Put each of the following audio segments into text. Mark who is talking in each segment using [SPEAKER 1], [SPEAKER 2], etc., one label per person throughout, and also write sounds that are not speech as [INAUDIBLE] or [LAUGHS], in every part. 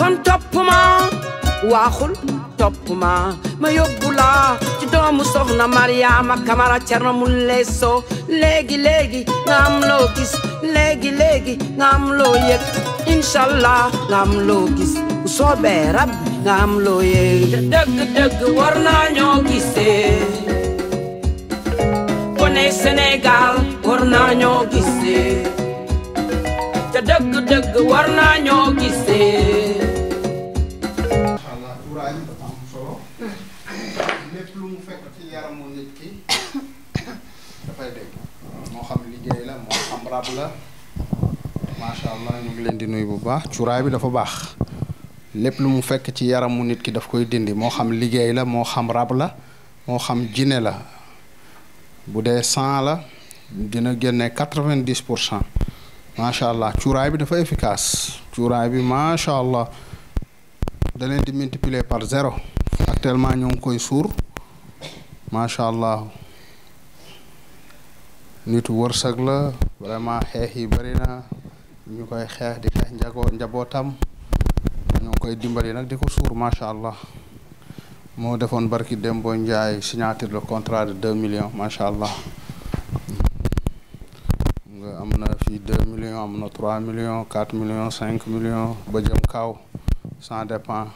[SPEAKER 1] kon topp ma waaxul topp ma ma yóbbu la ci doomu soxna Mariama Kamara Cerno mu leesoo léegi léegi nga am loo gis léegi léegi nga am loo yëg inshallah nga am loo gis bu soobee rab nga am loo yëg dëgg dëgg war naa ñoo gisee kone Sénégal war naa ñoo gisee
[SPEAKER 2] yaramu [COUGHS] moo xam liggéey la moo xam rab la macha allah ñu ngi leen di nuyu bu baax cuuraay bi dafa baax lépp lu mu fekk ci yaramu nit ki daf koy dindi moo xam liggéey la moo xam rab la moo xam jine la bu dee cent la dina génne quatre pour cent macha allah cuuraay bi dafa efficace cuuraay bi macha allah da leen di multiplier par zéro actuellement ñoo ngi koy suur. macha allah nitu wërsëg la vraiment xeex yi bari ñu koy xeex di xeex njagoo njabootam ñu koy dimbali nag di ko macha allah moo defoon barki Dembo Ndiaye signature le contrat de deux millions macha allah nga am na fii deux millions am na trois millions quatre millions cinq millions ba jëm kaw sans dépend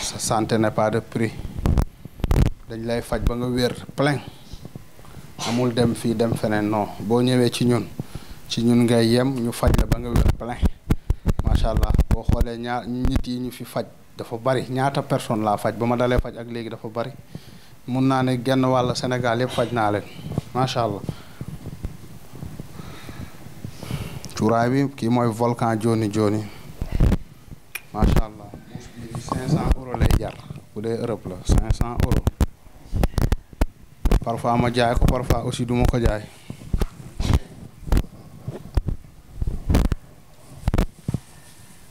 [SPEAKER 2] sa santé n'est pas de prix. dañ lay faj ba nga wér plein amul dem fii dem feneen non boo ñëwee ci ñun ci ñun ngay yem ñu faj la ba nga wér plein macha allah boo xoolee ñaar nit yi ñu fi faj dafa bari ñaata personne laa faj ba ma dalee faj ak léegi dafa bari mun naa ne genn wàll Sénégal yëpp faj naa leen macha allah. cuuraay bi kii mooy volcan joni joni macha allah. 500 euros lay jar bu dee Europe la 500 euros. parfois ma jaay ko parfois aussi duma ko jaay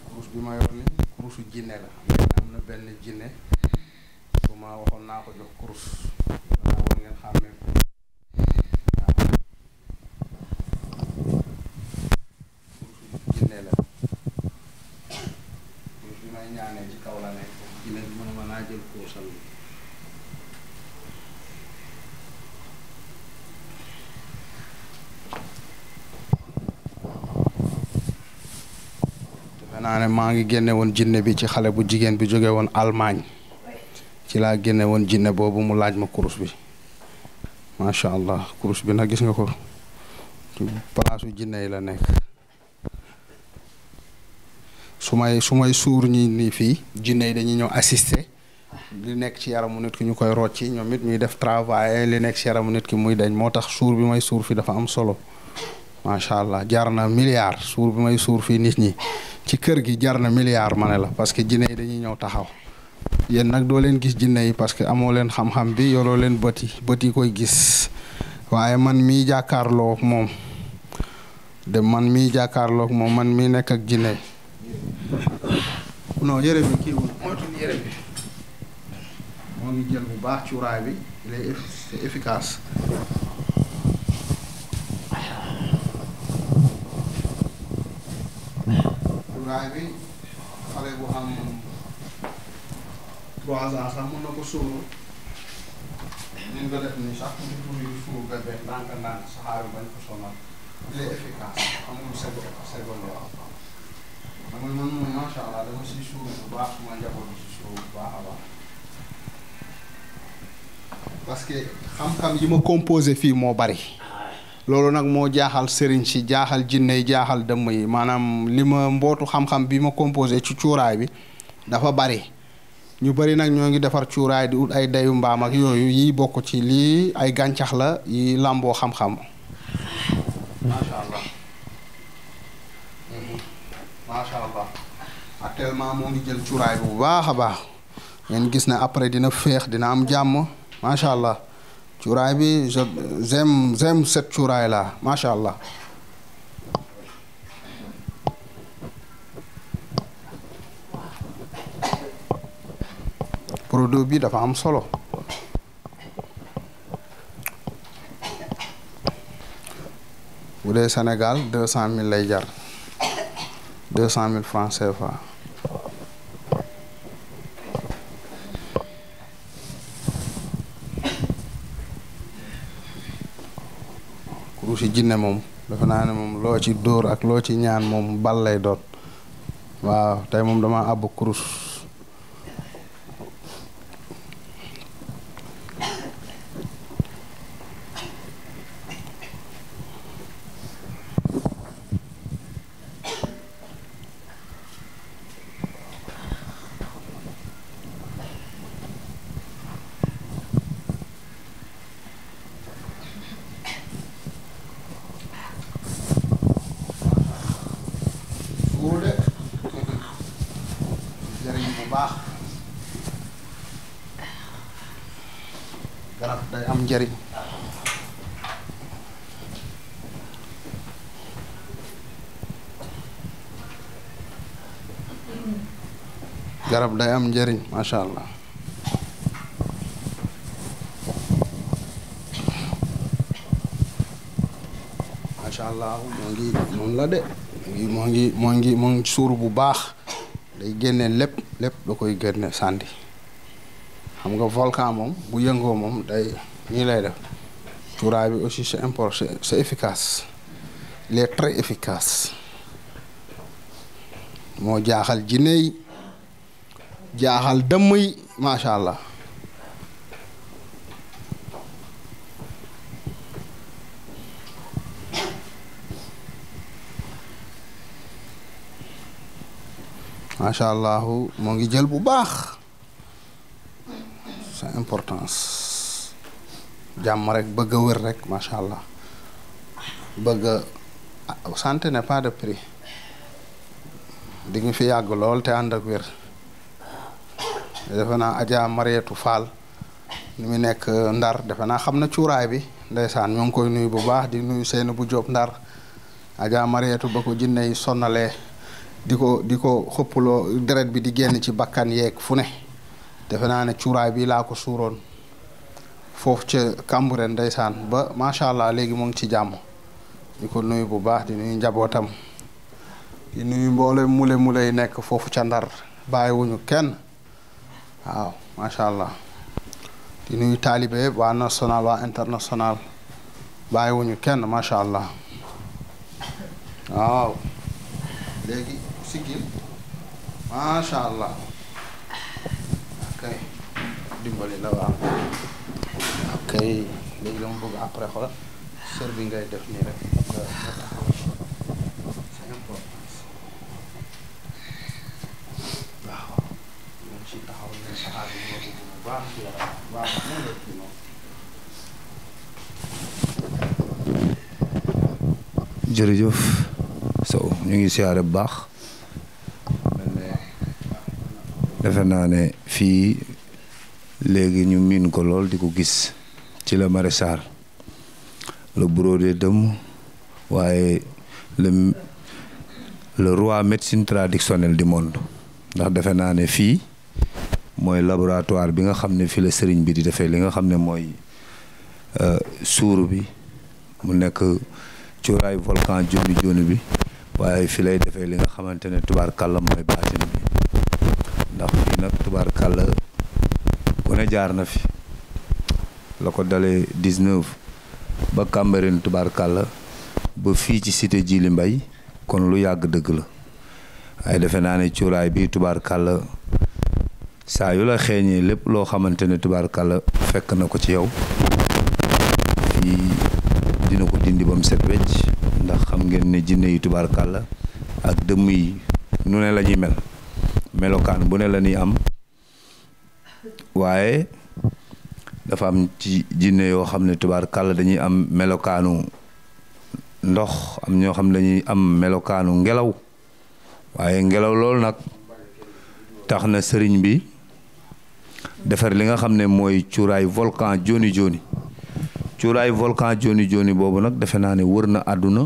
[SPEAKER 2] kurus bi ma yor ni kurusu jinne la am na benn jinne su ma waxoon naa ko jox kurus danaa war ngeen xàmmee ko jinne la kurus bi may ñaanee ci kaw la nekk jinne bi mën naa jël kurusam bi naa ne maa ngi génne woon jinne bi ci xale bu jigéen bi jóge woon Allemagne ci laa génne woon jinne boobu mu laaj ma kurus bi macha allah kurus bi nag gis nga ko palaasu jinne yi la nekk su may su may suur ñi nii fii jinne yi dañuy ñëw assister li nekk ci yaramu nit ki ñu koy rocci ñoom it ñuy def travail li nekk ci yaramu nit ki muy dañ moo tax suur bi may suur fi dafa am solo macha allah jar na milliard suur bi may suur fii nit ñi ci kër gi jar na milliard ma ne la parce que jinne yi dañuy ñëw taxaw yéen nag doo leen gis jinne yi parce que amoo leen xam-xam bi yoroo leen bët yi koy gis waaye man mii jàkkaarloo moom de man mii jàkkaarlook moom man mii nekk ak jinne non yére ngi jël baax cuuraay bi raay bi xale bu am trois ans sax mën na ko sóoroo ñu nga def nii sax ñu pour yu fuur bébé ndànk ndànk saxaar bañ ko sonal il est efficace amul sego sego loo man moom macha allah dama si suur bu baax suma njaboot si suur bu baax a baax parce que xam-xam yi ma composé fii moo bari loolu nag moo jaaxal sëriñ si jaaxal jinne yi jaaxal dëmm yi maanaam li ma mbootu xam-xam bi ma composé ci cuuraay bi dafa bari ñu bari nag ñoo ngi defar cuuraay di ut ay dayu mbaam ak yooyu yi bokk ci lii ay gàncax la yi làmboo xam-xam macha mhm. bu baax a baax ngeen gis na après dina féex dina am jàmm macha allah cuuraay bi je j'aime j'aime cette cuuraay la macha allah. produit bii dafa am solo. bu dee Sénégal deux cent mille lay jar deux cent mille francs CFA. si jinne moom dafa naa ne moom loo ci dóor ak loo ci ñaan moom bal lay doon waaw tey moom dama àbb kurus garab day am njariñ macha allah macha allah moo ngi noonu la de moo ngi moo ngi suur bu baax day génne lépp lépp da koy génne sànni xam nga volcan moom bu yëngoo moom day ñii lay def cuuraay bi aussi c'est important c'est efficace il efficace moo jaaxal jinne jaaxal dëmm yi macha allah macha allah moo ngi jël bu baax c'est importance jàmm rek bëgg a wér rek macha allah bëgg a ah, santé n'est pas de prix di nga fi yàgg lool te ànd ak wér. defe naa Adja Marietou Fall ni mu nekk Ndar defe naa xam na cuuraay bi ndeysaan ñoo ngi koy nuyu bu baax di nuyu seen bu Jóob Ndar Adja Marietou ba ko jinne yi sonnalee di ko di ko xëppuloo deret bi di génn ci bakkan yeeg fu ne defe naa ne cuuraay bi laa ko suuroon foofu ca Cambérène ndeysaan ba macha allah léegi mu ngi ci jàmm di ko nuyu bu baax di nuyu njabootam di nuyu mboole mule mule yi nekk foofu ca Ndar bàyyiwuñu kenn waaw macha allah di nuyu taalibe waa national waa international bàyyiwuñu kenn macha allah waaw léegi siggil macha allah ok dimbali la waaw ok léegi dama bëgg après xoolal sër bi ngay def nii rek
[SPEAKER 3] jërëjëf Sow ñu ngi siyaare bu baax defe naa ne fii léegi ñu miin ko lool di ko gis ci la maraîchage le bureau des dëmm waaye le le roi médecine traditionnelle du monde ndax defe naa ne fii mooy laboratoire bi nga xam ne fii la sëriñ bi di defee li nga xam ne mooy euh, suur bi mu nekk. cuuraayu volcan joni joni bi waaye fi lay defee li nga xamante ne tubaarkàlla mooy baatin bi ndax fii nag tubaarkàlla ku ne jaar na fi la ko dalee 19 ba Cambérène tubaarkàlla ba fii ci cité Djily mbay kon lu yàgg dëgg la waaye defe naa ne cuuraay bi tubaarkàlla saa yu la xeeñee lépp loo xamante ne tubaarkàlla fekk na ko ci yow fii dina ko dindi ba mu set wecc ndax xam ngeen ne jinne yi tubaarkàlla ak dëmm yi nu ne la ñuy mel melokaan bu ne la ñuy am waaye dafa am ci jinne yoo xam ne tubaar kàll dañuy am melokaanu ndox am ñoo xam ne dañuy am melokaanu ngelaw waaye ngelaw loolu nag tax na sëriñ bi defar li nga xam ne mooy cuuraay volcan joni joni cuuraayu volcan joni joni boobu nag defe naa ne wër na àdduna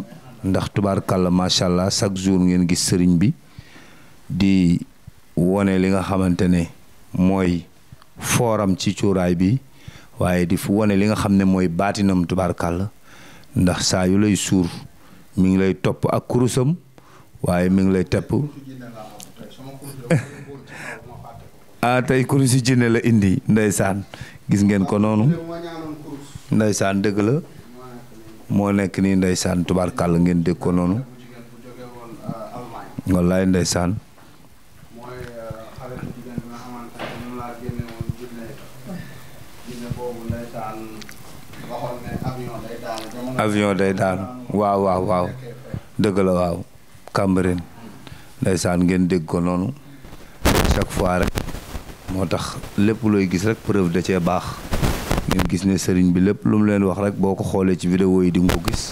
[SPEAKER 3] ndax tubaar tubaarkàlla macha allah chaque jour ngeen gis sëriñ bi di wone li nga xamante ne mooy fooram ci cuuraay bi waaye di wone li nga xam ne mooy baatinam tubaarkàlla ndax saa yu lay suur mu ngi lay topp ak kurusam waaye mi ngi lay tepp
[SPEAKER 2] [LAUGHS]
[SPEAKER 3] ah tey kurusi jinne la indi ndeysaan gis ngeen ko noonu ndeysaan dëgg la moo nekk nii ndeysaan tubaarkàll ngeen dégg ko noonu wallaay ndeysaan avion day daanu waaw waaw waaw dëgg la waaw Cambérène ndeysaan ngeen dégg ko noonu chaque fois rek moo tax lépp looy gis rek preuve da cee baax gis ne sëriñ bi lépp lu mu leen wax rek boo ko xoolee ci vidéo yi di nga ko gis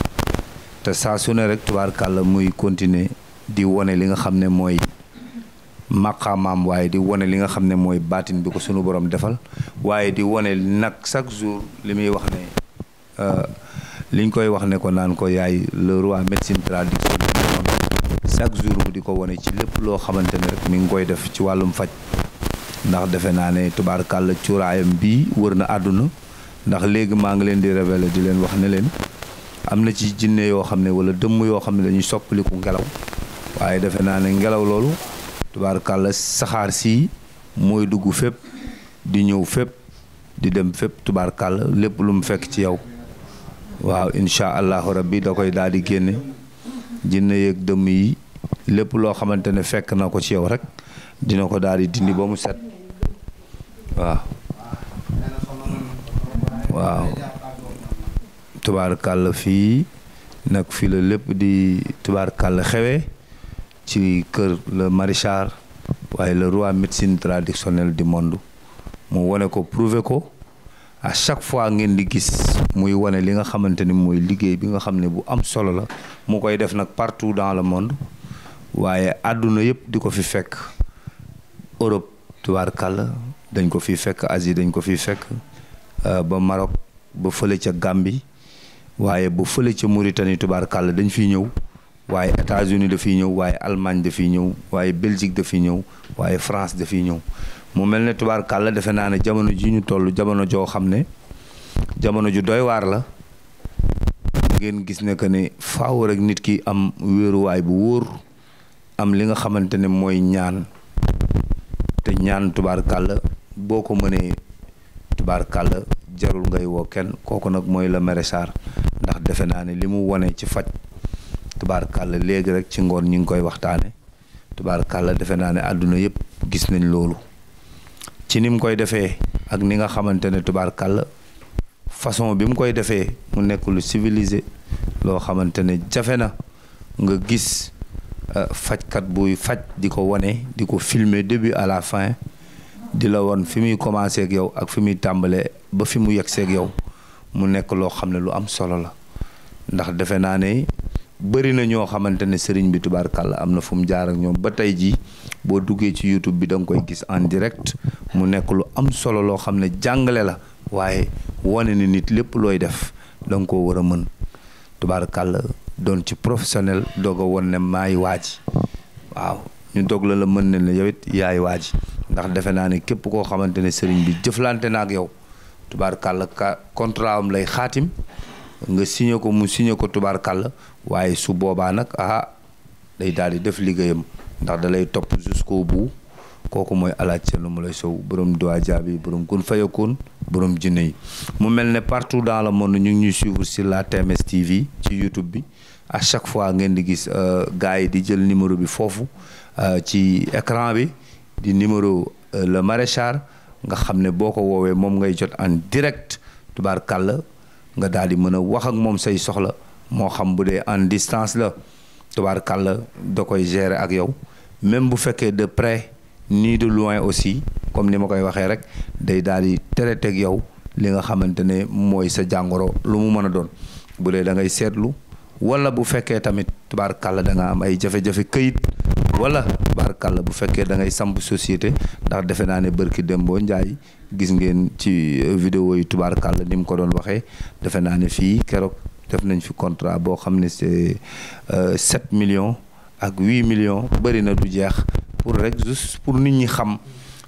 [SPEAKER 3] te saa su rek tubaarkàlla muy continuer di wone li nga xam ne mooy maqaamaam waaye di wone li nga xam ne mooy baatin bi ko sunu borom defal waaye di wone nag chaque jour li muy wax ne euh, liñ koy wax ne ko ko yaay le roi médecine traditionnelle di ko wone ci lépp loo xamante ne rek mi ngi koy def ci wàllum faj ndax defe naa ne tubaarkàlla cuuraayam bi wër na àdduna ndax léegi maa ngi leen di révéler di leen wax ne leen am na ci jinne yoo xam ne wala dëmm yoo xam ne dañuy soppaliku ngelaw waaye defe naa ne ngelaw loolu tubaar tubaarkàlla saxaar si mooy dugg fépp di ñëw fépp di dem fépp tubaar kàll lépp lu mu fekk ci yow waaw incha allahu rabbi da koy daal di génne jinne yeeg dëmm yi lépp loo xamante ne fekk naa ko ci yow rek dina ko daal di dindi ba mu set waaw waaw tubaarkàll fii nag fii la lépp di tubaarkàll xewe ci kër le Marichal waaye le roi médecine traditionnelle di monde mu wone ko prouver ko a chaque fois ngeen di gis muy wone li nga xamante ni mooy liggéey bi nga xam ne bu am solo la mu koy def nag partout dans le monde waaye àdduna yëpp di ko fi fekk Europe tubaarkàll dañ ko fi fekk Asie dañ ko fi fekk Euh, ba Maroc ba fële ca Gambie waaye ba fële ca Mauritanie tubaarkàlla dañ fiy ñëw waaye États-Unis dafiy ñëw waaye Allemagne dafiy ñëw waaye Belgique dafiy ñëw waaye France dafiy ñëw mu mel ne tubaarkàlla defe naa ne jamono ji ñu toll jamono joo xam ne jamono ju doy waar la ngeen gis ne que ne faaw rek nit ki am wéeruwaay bu wóor am li nga xamante ne mooy ñaan te ñaan tubaar kàll boo ko mënee tubaar tubaarkàlla jarul ngay woo kenn kooku nag mooy la maire Sarr ndax defe naa ne li mu wone ci faj tubaar kàll léegi rek ci ngoon ñu ngi koy waxtaane tubaarkàlla defe naa ne àdduna yëpp gis nañ loolu ci ni mu koy defee ak ni nga xamante ne kàll façon bi mu koy defee mu nekk lu civilisé loo xamante ne jafe na nga gis euh, fajkat buy faj di ko wane di ko filmer début à la fin di la woon fi muy commencé ak yow ak fi muy tàmbalee ba fi mu yegseeg yow mu nekk loo xam ne lu am solo la ndax defe naa ne bëri na ñoo xamante ne sëriñ bi kàll am na fu mu jaar ñoom ba tey jii boo duggee ci YouTube bi da koy gis en direct mu nekk lu am solo loo xam ne jàngale la waaye wane ni nit lépp looy def da koo war a mën tubaar kàll doon ci professionnel doog a won ne maay waaji waaw ñu dog la la mën ne la yow it yaay waaj ndax defe naa ne képp koo xamante ne sëriñ bi jëflante na ak yow tubaarkàlla ka contrat am lay xaatim nga signé ko mu signé ko tubaarkàlla waaye su boobaa nag ah day daal di def liggéeyam ndax da lay topp ko bout kooku mooy alaaj Thierno lay Sow borom doa jaabi borom kun fayakoon borom jinne yi mu mel ne partout dans le monde ñu ngi ñuy sur la TMS TV ci YouTube bi a chaque fois ngeen di gis euh, gars yi di jël numéro bi foofu. Euh, ci écran bi di numéro euh, le maraîchar nga xam ne boo ko woowee moom ngay jot en direct tubaar kàll nga daal di mën a wax ak moom say soxla moo xam bu dee en distance la kàll da koy gérer ak yow même bu fekkee de près nii de loin aussi comme ni ma koy waxee rek day daal di traité ak yow li nga xamante ne mooy sa jàngoro lu mu mën a doon bu dee da ngay seetlu. wala bu fekkee tamit tubaarkàlla da nga am ay jafe-jafe këyit wala tubaarkàlla bu fekkee da ngay samp société ndax defe naa ne bërki Dembo Njaay gis ngeen ci euh, video yi tubaarkàlla ni mu ko doon waxee defe naa ne fii keroog def nañ fi contrat boo xam ne c'est euh, sept millions ak huit million bëri na du jeex pour rek juste pour nit ñi xam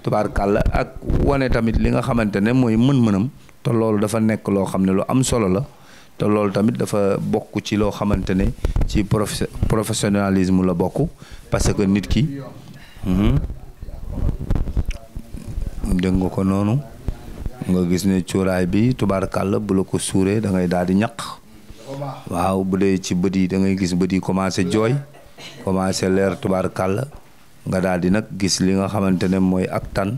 [SPEAKER 3] tubaar kàll ak wane tamit li nga xamante ne mooy mën-mënam te loolu dafa nekk loo xam ne lu am solo la te loolu tamit dafa bokk ci loo xamante ne ci profe la bokk parce que nit ki hmm, dégg ko noonu nga gis ne cuuraay bi kàll bu la ko suuree da ngay daal di ñaq waaw bu dee ci bët yi dangay gis bët yi commencé jooy commencé leer kàll nga daal di nag gis li nga xamante ne mooy ak tan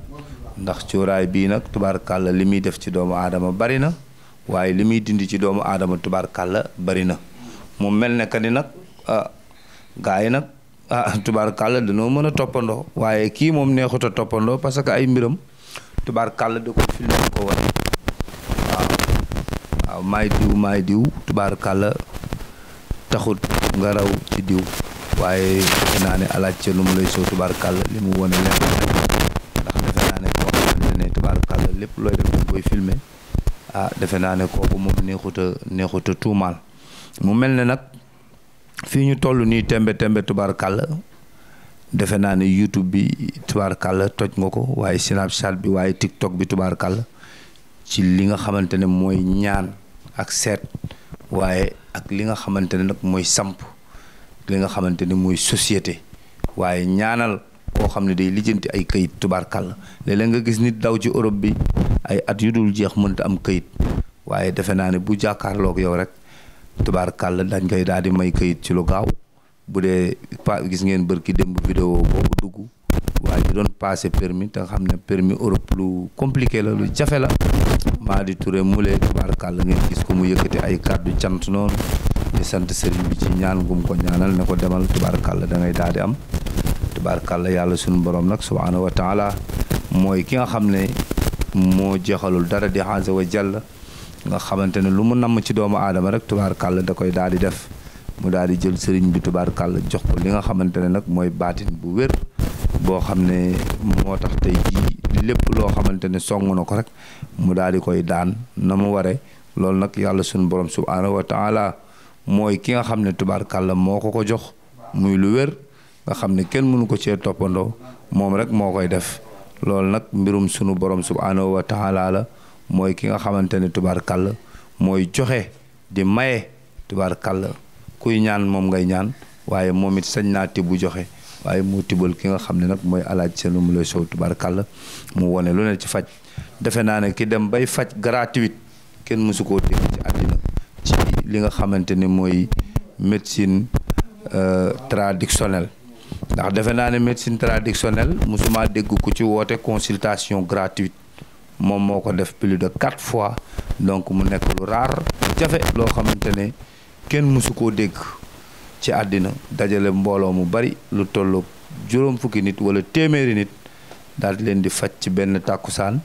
[SPEAKER 3] ndax cuuraay bii nag kàll li muy def ci doomu aadama bari na waaye li muy dindi ci doomu aadama tubaarkàlla bari na moom mel ne que ni nag ah yi nag ah kàll dañoo mën a toppandoo waaye kii moom neexut a toppandoo parce que ay mbiram tubaarkàlla da ko filmé ko war waaw waaw diw maay diw tubaarkàlla taxut nga raw ci diw waaye defe naa ne alaaj ca lu mu lay soo tubaarkàlla li mu wone leen ndax defe naa koo xam ne tubaarkàlla lépp looy def koy filmé ah defe naa ne kooku moom neexut a neexut a tuumaal mu mel ne nag fii ñu toll nii tembe tembe kàll defe naa ne YouTube bi tubaarkàlla toj nga ko waaye Snapchat bi waaye TikTok bi tubaar tubaarkàlla ci li nga xamante ne mooy ñaan ak seet waaye ak li nga xamante ne nag mooy samp li nga xamante ne mooy société waaye ñaanal. koo xam ne day lijjanti ay këyit tubaarkàll léeg-léeg nga gis nit daw ci Europe bi ay at yu dul jeex mënta am këyit waaye defe naa ne bu jàkkaarloog yow rek tubaar tubaarkàll dañ koy daal di may këyit ci lu gaaw bu dee pa gis ngeen bërki démb vidéo boobu dugg waaye di doon passé permis te xam ne permi Europe lu compliqué la lu jafe la maa di Touré mu lee tubaarkàll ngeen gis ko mu yëkkati ay kàddu cant noonu di sant sëriñ bi ci ñaan gum ko ñaanal ne ko demal tubaarkàll da ngay daal di am kàll yàlla sunu borom nag subhaanahu wa taala mooy ki nga xam ne moo jeexalul dara di azza wa jalla nga xamante ne lu mu namm ci doomu aadama rek tubaarkàlla da koy daal di def mu daal di jël sëriñ bi tubaarkàlla jox ko li nga xamante ne nag mooy baatin bu wér boo xam ne moo tax tey jii loo xamante ne song na ko rek mu daal di koy daan na mu waree loolu nag yàlla sunu borom subhaanahu wa taala mooy ki nga xam ne kàll moo ko ko jox muy lu wér. nga xam ne kenn mënu ko cee toppandoo moom rek moo koy def loolu nag mbirum sunu borom subhaanahu wa taala la mooy ki nga xamante ne tubaarkàll mooy joxe di maye kàll kuy ñaan moom ngay ñaan waaye moom it sañ naa tibb joxe waaye mu tibbal ki nga xam ne nag mooy alaaj seenu mu lay sow tubaarkàll mu wone lu ne ci faj defe naa ne ki dem bay faj gratuite kenn mësu koo ci àddina ci li nga xamante ne mooy médecine euh, traditionnelle ndax defe naa ne médecine traditionnelle musuma dégg ku ci woote consultation gratuite moom moo ko def plus de quatre fois donc mu nekk lu raar jafe loo xamante ne kenn mësu koo dégg ci àddina dajale mbooloo mu bari lu tollook juróom fukki nit wala téeméeri nit daal di leen di faj ci benn tàkkusaan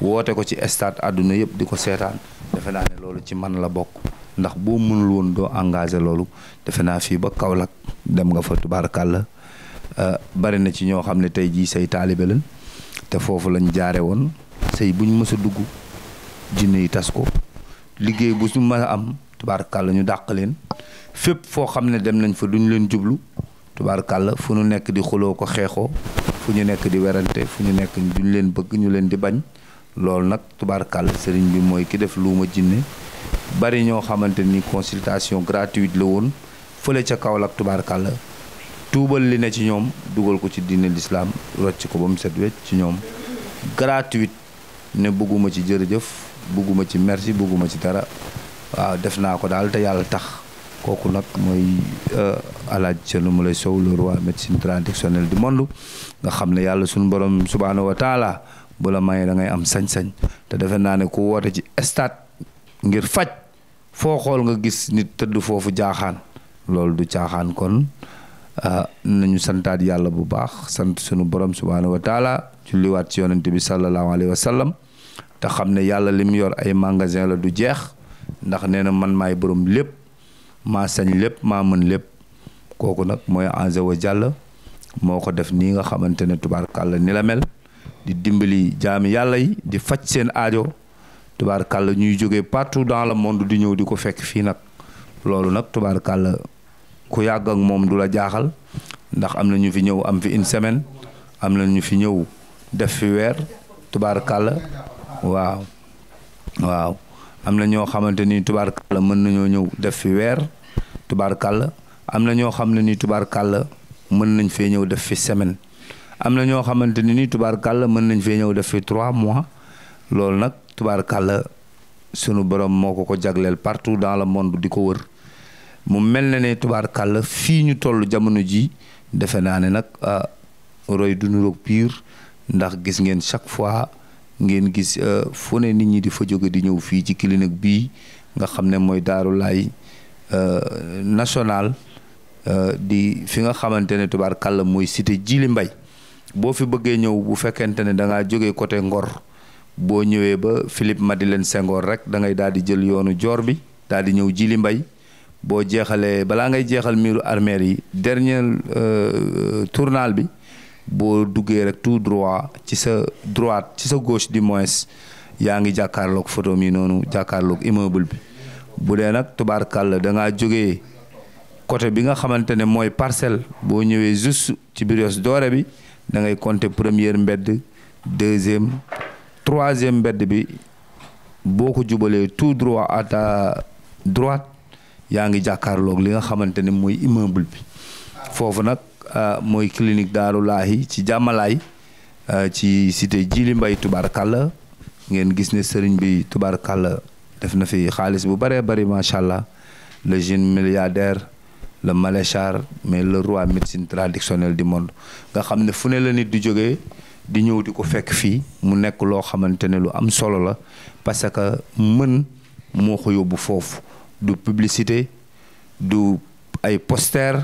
[SPEAKER 3] woote ko ci stade àdduna yëpp di ko seetaan defe naa ne loolu ci man la bokk ndax boo mënul woon doo engagé loolu defe naa fii ba Kaolack dem nga fa tubaarkàlla Euh, bari na ci ñoo xam ne tey jii say taalibe lañ te foofu lañ jaare woon sëy buñ mës a dugg jinne yi tas ko liggéey bu su mën a am tubaarkàlla ñu dàq leen fépp foo xam ne dem nañ fa duñ leen jublu tubaarkàlla fu ñu nekk di xuloo ko xeexoo fu ñu nekk di werante fu ñu nekk duñ leen bëgg ñu leen di bañ loolu nag tubaarkàlla sëriñ bi mooy ki def luuma jinne bari ñoo xamante ni consultation gratuite la woon fële ca Kaolack tubaarkàlla tuubal li ne ci ñoom dugal ko ci diine lislaam rocc ko ba mu set we ci ñoom gratuite ne bëgguma ci jërëjëf bëgguma ci merci bëgguma ci dara waaw def naa ko daal te yàlla tax kooku nag mooy euh, alaaj Thierno Moulé Sow le roi médecine traditionnelle du monde nga xam ne yàlla suñu borom subhaanahu wa taala bu la mayee da ngay am sañ-sañ te defe naa ne ku woote ci stade ngir faj foo xool nga gis nit tëdd foofu jaaxaan loolu du caaxaan kon Euh, nañu santaat yàlla bu baax sant sunu borom subhaanahu wa taala julliwaat ci yonent bi sallallahu alayhi wa sallam te xam ne yàlla li mu yor ay magasin la du jeex ndax nee na man maay borom lépp maa sañ lépp ma mën lépp kooku nag mooy Azza wa Jalla moo ko def nii nga xamante ne tubaarkàlla ni la mel di dimbali jaami yàlla yi di faj seen aajo tubaar tubaarkàlla ñuy jóge partout dans le monde di ñëw di ko fekk fii nag loolu nag tubaarkàlla ku yàgg moom du la jaaxal ndax am na ñu fi ñëw am fi une semaine am na ñu fi ñëw def fi weer tubaarkàlla waaw waaw am na ñoo xamante ni tubaarkàlla mën nañoo ñëw def fi weer tubaarkàlla am na ñoo xam ne ni tubaarkàlla mën nañ fee ñëw def fi semaine am na ñoo xamante ni ni tubaarkàlla mën nañ fee ñëw def fi trois mois loolu nag tubaarkàlla sunu borom moo ko ko jagleel partout dans la monde di ko wër mu mel na ne kàll fii ñu toll jamono ji defe naa ne nag ah, roy du nuroog pire ndax gis ngeen chaque fois ngeen gis euh, fu ne nit ñi di fa jóge di ñëw fii ci clinique bii nga xam ne mooy Daaru Laay euh, national euh, di fi nga xamante ne kàll mooy cité Jili Mbay boo fi bëggee ñëw bu fekkente ne da ngaa jógee côté Ngor boo ñëwee ba Philippe Madeleine sengoor rek da ngay daal di jël yoonu joor bi daal di ñëw Jili Mbay boo jeexalee balaa ngay jeexal miiru armeel yi dernier euh, tournal bi boo duggee rek tout droit ci sa droit ci sa gauche du moins yaa ngi jàkkaarloog photo mi noonu jàkkaarloog immeuble bi bu dee nag tubaarkàlla da ngaa jógee côté bi nga xamante ne mooy parcelle boo ñëwee juste ci Brioche doore bi da ngay compter première mbedd deuxième troisième mbedd bi boo ko jubalee tout droit à ta droite yaa ngi jàkkaarloog li nga xamante ne mooy immeuble bi foofu nag ah, mooy clinique Daaru Laahi ci jàmmalaay ah, ci cité Jili Mbay tubaar kàll ngeen gis ne sëriñ bi tubaarkàlla def na fi xaalis bu bëree bari macha allah le jeune milliardaire le maléchar mais le roi médecine traditionnelle du monde nga xam ne fu ne la nit di jóge di ñëw di ko fekk fii mu nekk loo xamante ne lu am solo la parce que mën moo ko yóbbu foofu du publicité du ay poster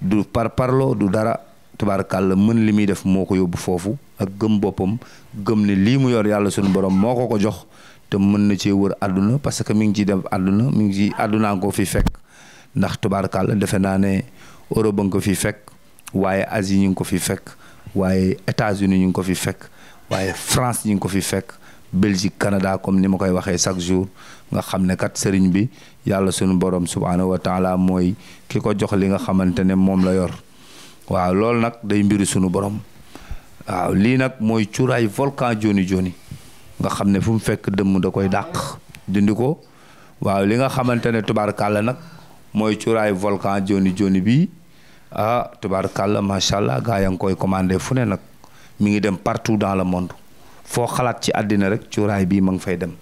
[SPEAKER 3] du par parlo du dara tubaarkàlla mën li muy def moo ko yóbbu foofu ak gëm boppam gëm ne lii mu yor yàlla suñu borom moo ko ko jox te mën na ci wër àdduna parce que mi ngi ciy def àdduna mi ngi ci àddunaa ko fi fekk ndax tubaarkàlla defe naa ne Europe nga ko fi fekk waaye Asie ñu ngi ko fi fekk waaye États-Unis ñu ngi ko fi fekk waaye France ñu ngi ko fi fekk Belgique Canada comme ni ma koy waxee chaque jour nga xam ne kat sëriñ bi yàlla sunu borom subhaanahu wa taala mooy ki ko jox li nga xamante ne moom la yor waaw lool nag day mbiri sunu borom waaw lii nag mooy cuuraay volcan joni joni nga xam ne fu mu fekk dëmm da koy dàq dindi ko waaw li nga xamante ne tubaarkàlla nag mooy cuuraay volcan joni joni bi ah tubaarkàlla macha allah gaa yaa ngi koy commandé fu ne nag mi ngi dem partout dans le mond foo xalaat ci àddina rek cuuraay bi ma ngi fay dem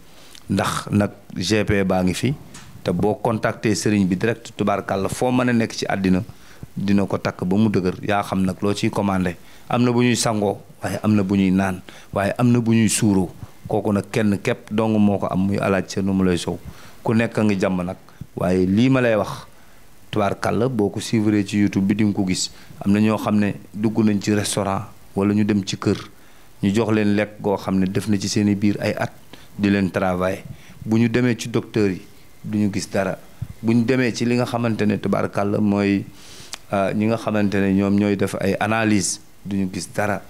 [SPEAKER 3] ndax nag GP baa ngi fi. te boo contacter sëriñ bi tubaar tubaarkàlla foo mën a nekk ci àddina dina ko takk ba mu dëgër yaa xam nag loo ciy commandé am na bu ñuy sangoo waaye am na bu ñuy naan waaye am na bu ñuy suuroo kooku nag kenn képp dong moo ko am muy alaaj seenu mu lay sow ku nekk ngi jàmm nag waaye lii ma lay wax tubaar kàll boo ko suivre ci youtube bi di ko gis am na ñoo xam ne dugg nañ ci restaurant wala ñu dem ci kër ñu jox leen lekk goo xam ne def na ci seen i biir ay at di leen travail bu yi duñu gis dara buñ demee ci li nga xamante ne tubaarkàlla mooy ah, ñi nga xamante ne ñoom ñooy def ay du ñu gis dara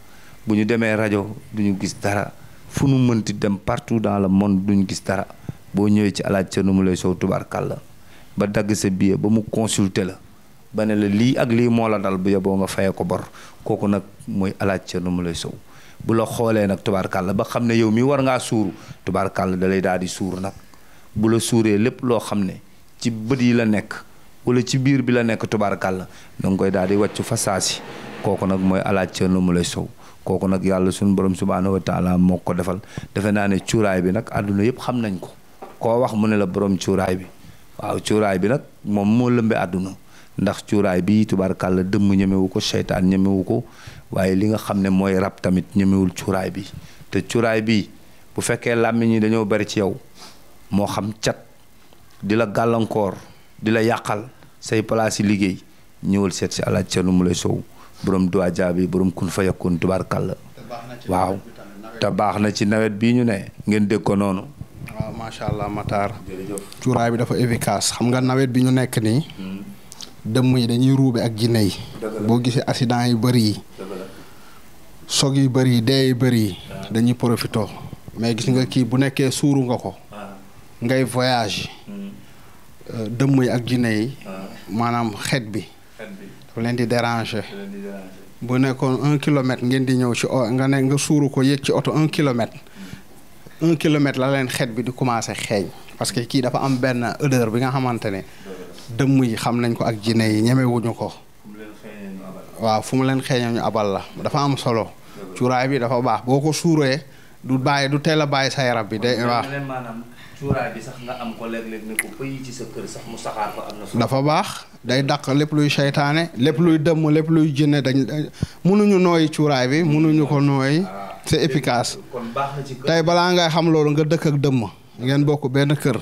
[SPEAKER 3] bu ñu demee rajo duñu gis dara fu nu mënti dem partout dans le monde duñu gis dara boo ñëwee ci alaaj ca nu mu lay sow tubaarkàlla ba dagg sa billet ba mu consulter la ba ne lii ak lii moo dal bu yeboo nga faye ko bor kooku nag mooy alaaj ca nu sow bu la xoolee nag tubaarkàlla ba xam ne yow mii war ngaa suuru tubaarkàlla da lay daal di suur nag bu la suuree lépp loo xam ne ci bët yi la nekk wala ci biir bi la nekk tubaarkàlla da nga koy daal di wàcc fa saasi kooku nag mooy alaaj Thierno Moule Sow kooku nag yàlla suñu borom subhaanahu wa taala ko defal defe naa ne cuuraay bi nag àdduna yëpp xam nañ ko koo wax mu ne la borom cuuraay bi waaw cuuraay bi nag moom moo lëmbe àdduna ndax cuuraay bi tubaarkàlla dëmm ñemewu ko seytaan ñemewu ko waaye li nga xam ne mooy rab tamit ñemewul cuuraay bi te cuuraay bi bu fekkee làmmiñ yi dañoo bari ci yow moo xam cat di la gàllankoor di la yàqal say place liggéey ñëwal seet si alaaj mu lay Sow borom duwaa jaabi borom kun fa yakun kàll waaw te baax na ci nawet bi ñu ne ngeen dégg ko noonu
[SPEAKER 2] waaw macha allah Matar cuuraay bi dafa efficace xam nga nawet bi ñu nekk nii hmm. dëmm yi dañuy ruube ak jinne yi boo gisee accident yu bëri yi sog yu bëri yi dee yu yi hmm. dañuy profito mais gis nga kii bu nekkee suuru nga ko ngay voyage euh, dëmm yi ak jinne yi maanaam xet bi
[SPEAKER 3] dafa
[SPEAKER 2] leen di déranger bu nekkoon un kilomètre ngeen di ñëw ci o nga ne nga suuru ko yëg ci oto un kilomètre mm. un kilomètre la leen xet bi di commencé xeeñ parce que kii dafa am benn odeur bi nga xamante ne dëmm yi xam nañ ko ak jinne yi ñemewuñu ko waaw fu mu leen xeeñoo ñu abal la dafa am solo cuuraay bi dafa baax boo ko suuree du bàyyi du teel a bàyyi sa yaram bi day waaw
[SPEAKER 3] cuuraay dafa
[SPEAKER 2] baax day daq lépp luy seytaane lépp luy dëmm lépp luy jinne dañ mënuñu nooyi cuuraay bi mënuñu ko nooyi. Ah, c'est efficace. kon tey balaa ngay xam loolu nga dëkk ak dëmm. ngeen bokk benn kër.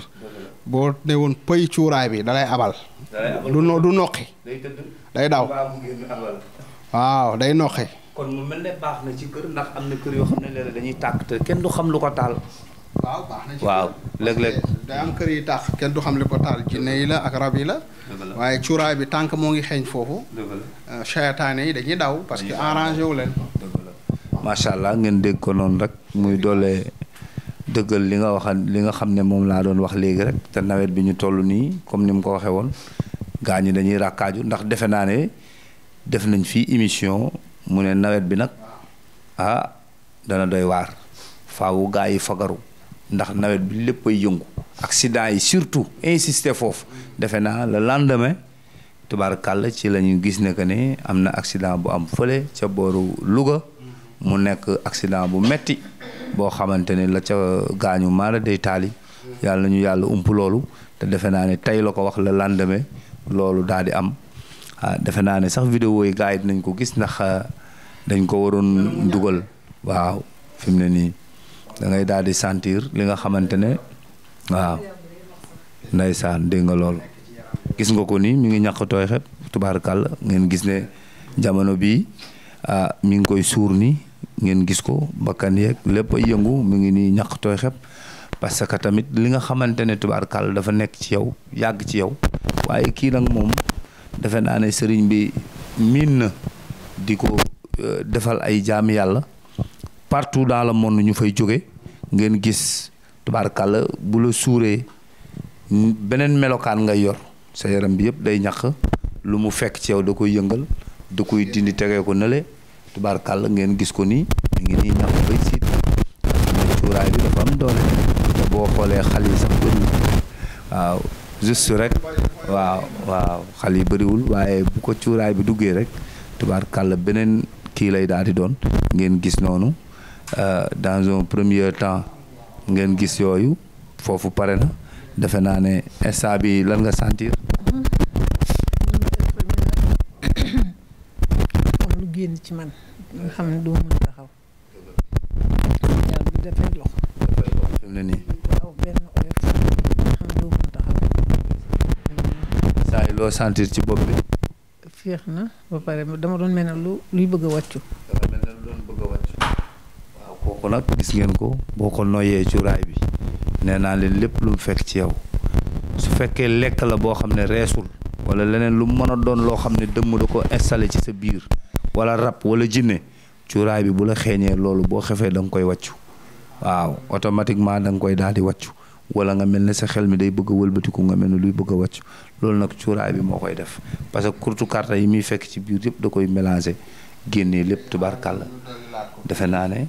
[SPEAKER 2] boo ne woon pëy cuuraay bi dalay abal. du du noqi. day daw waaw day noqi. kon mu mel ne baax na ci kër ndax am na kër yoo xam ne dañuy tàkk te kenn du xam lu ko taal. waaw baax na waaw léeg-léeg day am kër yi tax kenn du xam li ko taal jinne yi la ak rab yi la waaye cuuraay bi tànk moo ngi xeeñ foofu chaytaane euh, yi dañuy daw parce que arrangé wu leen
[SPEAKER 3] macha allah ngeen dégg ko noonu rek muy doole dëggal li nga waxan li nga xam ne moom laa doon wax léegi rek te nawet bi ñu toll nii comme ni mu ko waxee woon gaa ñi dañuy ràkkaaju ndax defe naa ne def nañ fii émission mu ne nawet bi nag ah dana doy waar faawu gaa yi fagaru ndax nawet bi lépp ay yëngu accident yi surtout insister foofu defe naa le tubaar kàll ci lañu gis ne que ne am na accident bu am fële ca booru Louga mu nekk accident bu metti boo xamante ne la ca gaañu maara day taali yàlla na ñu yàlla ump loolu te defe naa ne tey la ko wax le lendemain loolu daal di am ah, defe naa ne sax video yi gars yi dinañ ko gis ndax ah, dañ ko waroon dugal waaw fi mu ne nii da ngay daal di sentir li nga xamante ne waaw ndeysaan dégg nga lool gis nga ko ni mu ngi ñàkk tooy xep tubaarkàlla ngeen gis ne jamono bii ah, mu ngi koy suur ni ngeen gis ko bakkan yeeg lépp a yëngu mu ngi nii ñàkk tooy xep parce que tamit li nga xamante ne tubaarkàlla dafa nekk ci yow yàgg ci yow waaye kii nag moom defe naa ne sëriñ bi miin na di ko euh, defal ay jaam yàlla partout dans le monde ñu fay jóge ngeen gis tubaarkàlla bu la suuree beneen melokaan ngay yor sa yaram bi yëpp day ñax lu mu fekk ci yow da koy yëngal du koy dindi tegee ko tubaar kàll ngeen gis ko nii mi ngi nii ñaq bay siit xoolee xal yi waaw juste rek waaw waaw xal yi bariwul waaye bu ko cuuraay bi duggee rek tubaarkàlla beneen kii lay daal di doon ngeen gis noonu Euh, dans un premier temps ngeen gis yooyu foofu pare na defe naa ne instant bi lan nga sentir. [COUGHS]
[SPEAKER 4] lu génn ci man nga xam ne doo mën taxaw. bi
[SPEAKER 3] dafay lox. saa yi loo sentir ci bopp bi.
[SPEAKER 4] féex na ba pare dama doon mel ne lu luy bëgg a wàccu.
[SPEAKER 3] ko nag gis ngeen ko boo ko noyee cuuraay bi nee naa leen lépp lu mu fekk ci yow su fekkee lekk la boo xam ne reesul wala leneen lu mu mën a doon loo xam ne dëmm da ko installé ci sa biir wala rab wala jinne cuuraay bi bu la xeeñee loolu boo xefee da nga koy wàccu waaw automatiquement danga koy daal di wàccu wala nga mel ne sa xel mi day bëgg wëlbatiku nga mel ne luy bëgg a wàccu loolu nag cuuraay bi moo koy def parce que kurtu karta yi muy fekk ci biir yëpp da koy mélangé génnee lépp tubaarkàlla defe naa ne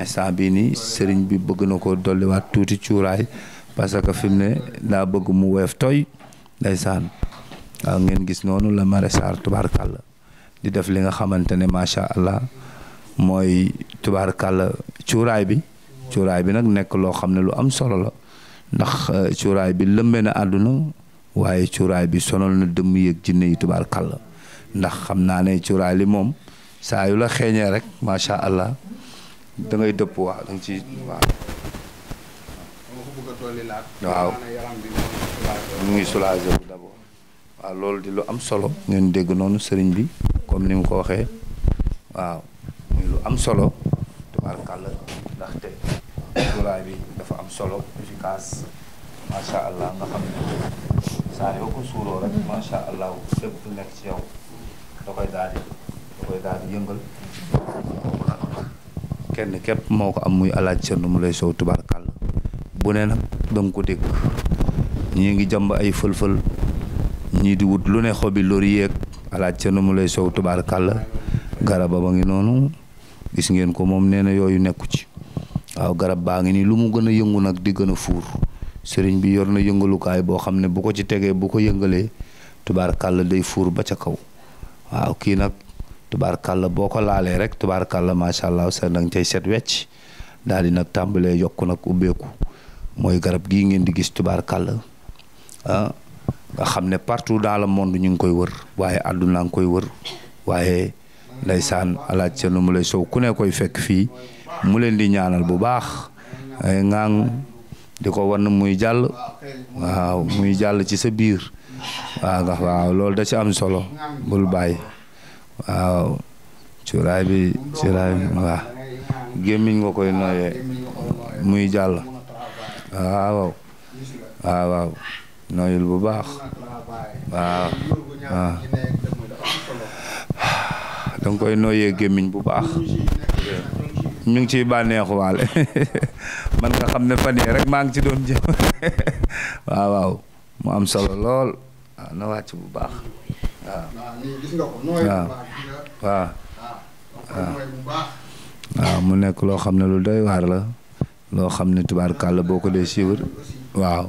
[SPEAKER 3] instant bi nii sëriñ bi bëgg na ko dolliwaat tuuti cuuraay parce que fim ne daa bëgg mu woyof tooy ndeysaan waaw ngeen gis noonu la Maré Sarr tubaarkàlla di def li nga xamante ne macha allah mooy tubaarkàlla cuuraay bi cuuraay bi nag nekk loo xam ne lu am solo la ndax euh, cuuraay bi lëmbe na àdduna waaye cuuraay bi sonal na dëmm yëg jinne yi tubaarkàlla ndax xam naa ne cuuraay li moom saa la xeeñee rek macha allah. da dëpp waa da ci waaw. waaw mu ngi soulagé bu d'abord waaw loolu di lu am solo ngeen dégg noonu sëriñ bi comme ni mu ko waxee waaw muy lu am solo tubaarkàlla ndaxte cuuraay bi dafa am solo efficace macha allah nga xam ne saa yoo ko suuroo rek macha allah lépp lu nekk ci yow da koy daal da koy daal yëngal kenn képp moo ko am muy alaaj Cerno Moulay Sow tubaarkàll bu ne nag danga ko dégg ñii ngi jàmb ay fël-fël ñii di wut lu ne xobi lori yéeg alaaj Cerno Moulay Sow tubaarkàll garaba ba ngi noonu gis ngeen ko moom nee na yooyu nekku ci waaw garab baa ngi nii lu mu gën a yëngu nag di gën a fuur sëriñ bi yor na yëngalukaay boo xam ne bu ko ci tegee bu ko yëngalee tubaar tubaarkàll day fuur ba ca kaw waaw kii nag tubaar tubaarkàlla boo ko laalee rek tubaar tubaarkàlla macha allah sa nang cay set wecc daal di nag yokk yokku u ubbeeku mooy garab gii ngeen di gis tubaar ah nga xam ne partout dans le monde ñu ngi koy wër waaye àdduna ngi koy wër waaye ndeysaan alaaj ca nu mu lay sow ku ne koy fekk fii mu leen di ñaanal bu baax ay eh, ngaang di ko wan muy jàll waaw muy jàll ci sa biir waaw nga loolu da ci am solo bul bàyyi waaw cuuraay bi cuuraay bi waaw gémmiñ nga koy nooyee muy jàll waaw waaw waaw nooyul bu baax waaw [SIGHS] danga koy nooyee gémmiñ bu baax ñu ngi ciy bànneexu waale [LAUGHS] man nga xam ne fan yii rek maa ngi ci doon jëm [LAUGHS] waaw mu am solo lool waaw na wàcc bu baax
[SPEAKER 2] waaw waaw
[SPEAKER 3] waaw mu nekk loo xam ne lu doy waar la loo xam ne tubaarkàlla boo ko dee siiwal waaw.